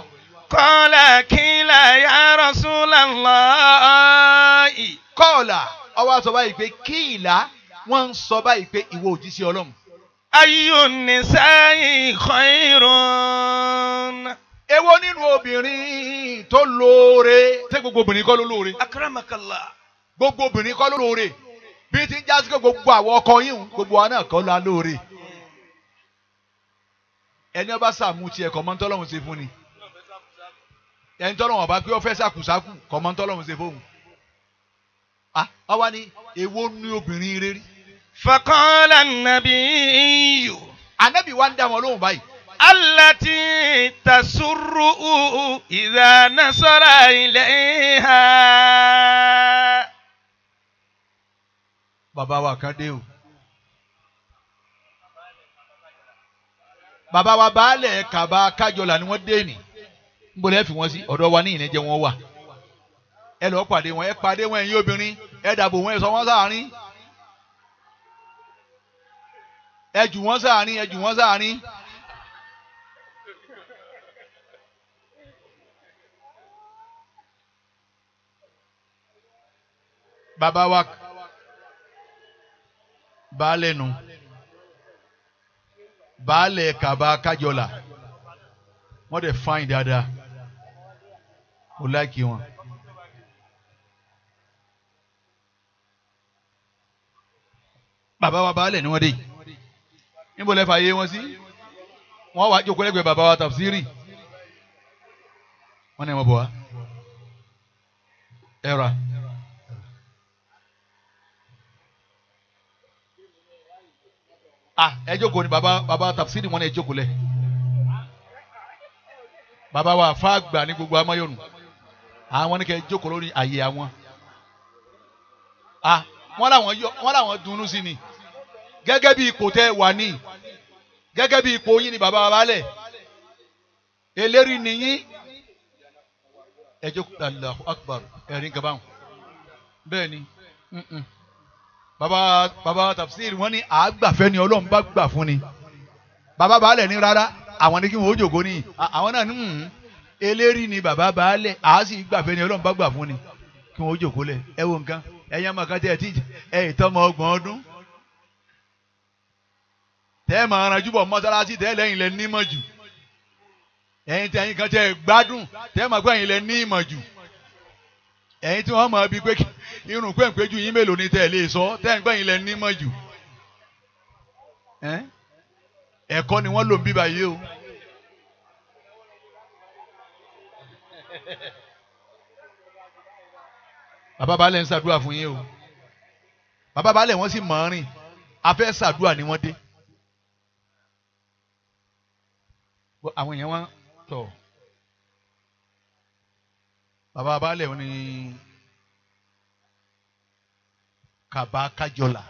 S2: kọ́lá kílà ya Rasulallahi. kọ́lá ọwọ́ sọ báyìí pé kílà wọ́n ń sọ báyìí pé ìwọ òjíṣẹ́ ọlọ́run. ayyu nisa'i
S1: khairun. èwo nínú obìnrin tó lóore. ṣé gbogbo obìnrin kọ́ ló lóore. akramakallah. gbogbo obìnrin kọ́ ló lóore bí ti ń jásí pé gbogbo àwọn ọkọ yín gbogbo wa náà kọ́ la lóore ẹni ọba sàmú tiẹ̀ kọ́ mọ́ ń tọ́lọ́hún ṣe fún ni ẹni tọ́lọ́hún ọba pé ó fẹ́ sàkúsàkù kọ́ mọ́ ń tọ́lọ́hún ṣe fóun àwa ni ni obìnrin rere.
S2: fakọ́lá nàbí iyù. ànábì wa ń dá wọn lóhùn báyìí. allati tasurru idha nasara ilayha bàbá wa kan dé o.
S1: bàbá wa baálẹ̀ kàbá kájọlà ni wọ́n dé ní nbọ̀lẹ́ ẹ fi wọ́n sí ọ̀dọ̀ wa ní ìnẹ́jẹ́ wọn wà ẹ lọ́ọ́ pàdé wọn ẹ pàdé wọn ẹ̀yin obìnrin ẹ dàbò wọn ẹ sọ wọn sáàárín ẹ jù wọn sáàárín ẹ jù wọn sáàárín. bàbá wa baálẹ̀ nu baálẹ̀ kaba kájọlà wọ́n dẹ̀ fáìn dáadáa ó láìkí wọn. bàbá wa baálẹ̀ ni wọ́n dé níbo lẹ́fà yé wọn sí wọ́n wá jókòó lẹ́gbẹ̀ẹ́ bàbá wa tafsiri wọ́n ní ẹ̀ wọ́n bọ̀ wá ẹ̀ rà. ah ẹ jókòó ni baba baba tafsiri wọn ni ẹ jókòó lẹ baba wa fa gbà ní gbogbo amáyọnu àwọn ah, ni kẹ jókòó lórí àyè àwọn ah wọn làwọn yọ wọn làwọn dunu sí ni gẹ́gẹ́ bí ipò tẹ wà ní gẹ́gẹ́ bí ipò yín ni baba wa balẹ eléri nìyí ẹ jókòó Allahu akbar ẹrin gaban bẹ́ẹ̀ ni baba baba tafsir wọn ní àgbàfẹ́ ni ọlọ́run bá gbà fún ni baba baálẹ̀ ní rárá àwọn ní kí wọn ó jòkó ní àwọn náà ní hmm, eléri ni baba baálẹ̀ àá sì gbàfẹ́ ni ọlọ́run bá gbà fún ni kí wọn ó jòkó lẹ̀ ẹ wo nǹkan ẹ̀yin ọmọ kan tẹ ẹ ti ẹ ìtọ́mọ ọgbọ̀n ọdún tẹ ẹ máa ranjú bọ̀ mọ́sálásí tẹ ẹ lẹ́yìn lẹ ní mọ̀ jù ẹ̀yin tẹ ẹ̀yin kan tẹ ẹ gbádùn tẹ ẹ máa gbọ́ ẹ̀yin lẹ ní ìmọ̀ jù tí wọ́n mọ̀ bíi pé irun pẹ́ǹpẹ́jù yín mélòó ni tẹ́ ẹ lè sọ tẹ́ ẹ ń gbẹ̀yìn lẹ nímọ̀ jù ẹ̀kọ́ ni wọ́n lò ń bí báyìí o. bàbá baálẹ̀ ń ṣàdúrà fún yín o bàbá baálẹ̀ wọ́n sì mọ̀ ọ́n rìn afẹ́ ṣàdúrà ni wọ́n dé. àwọn èèyàn wá tọ̀ bàbá baálẹ̀ wọn ni kàbá kájọlà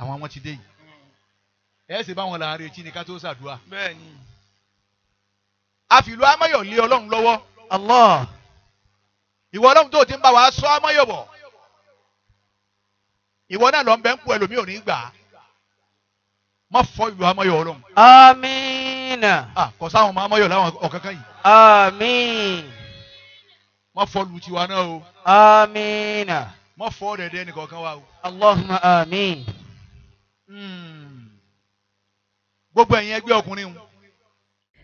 S1: àwọn wọn ti dé yìí ẹ ṣe báwọn là ń retí ni ká tó ṣàdúrà. àfìlú amáyọ̀ lé ọlọ́run lọ́wọ́ Allah ìwọ ọlọ́run tó ti ń bá wa sọ amáyọ̀ bọ̀ ìwọ náà lọ ń bẹ ń kú ẹlòmíì ò ní gbà á má fọ ìlú amáyọ̀ ọlọ́run. amiina.
S3: ah kò sáwọn ọmọ amáyọ̀ láwọn ọ̀kankan yìí. amiin. má fọ lu tiwa náà o. amiina.
S1: Allahumma
S3: amin.
S1: Hmm.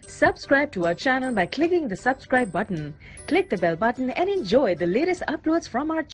S3: Subscribe to our channel by clicking the subscribe button. Click the bell button and enjoy
S1: the latest uploads from our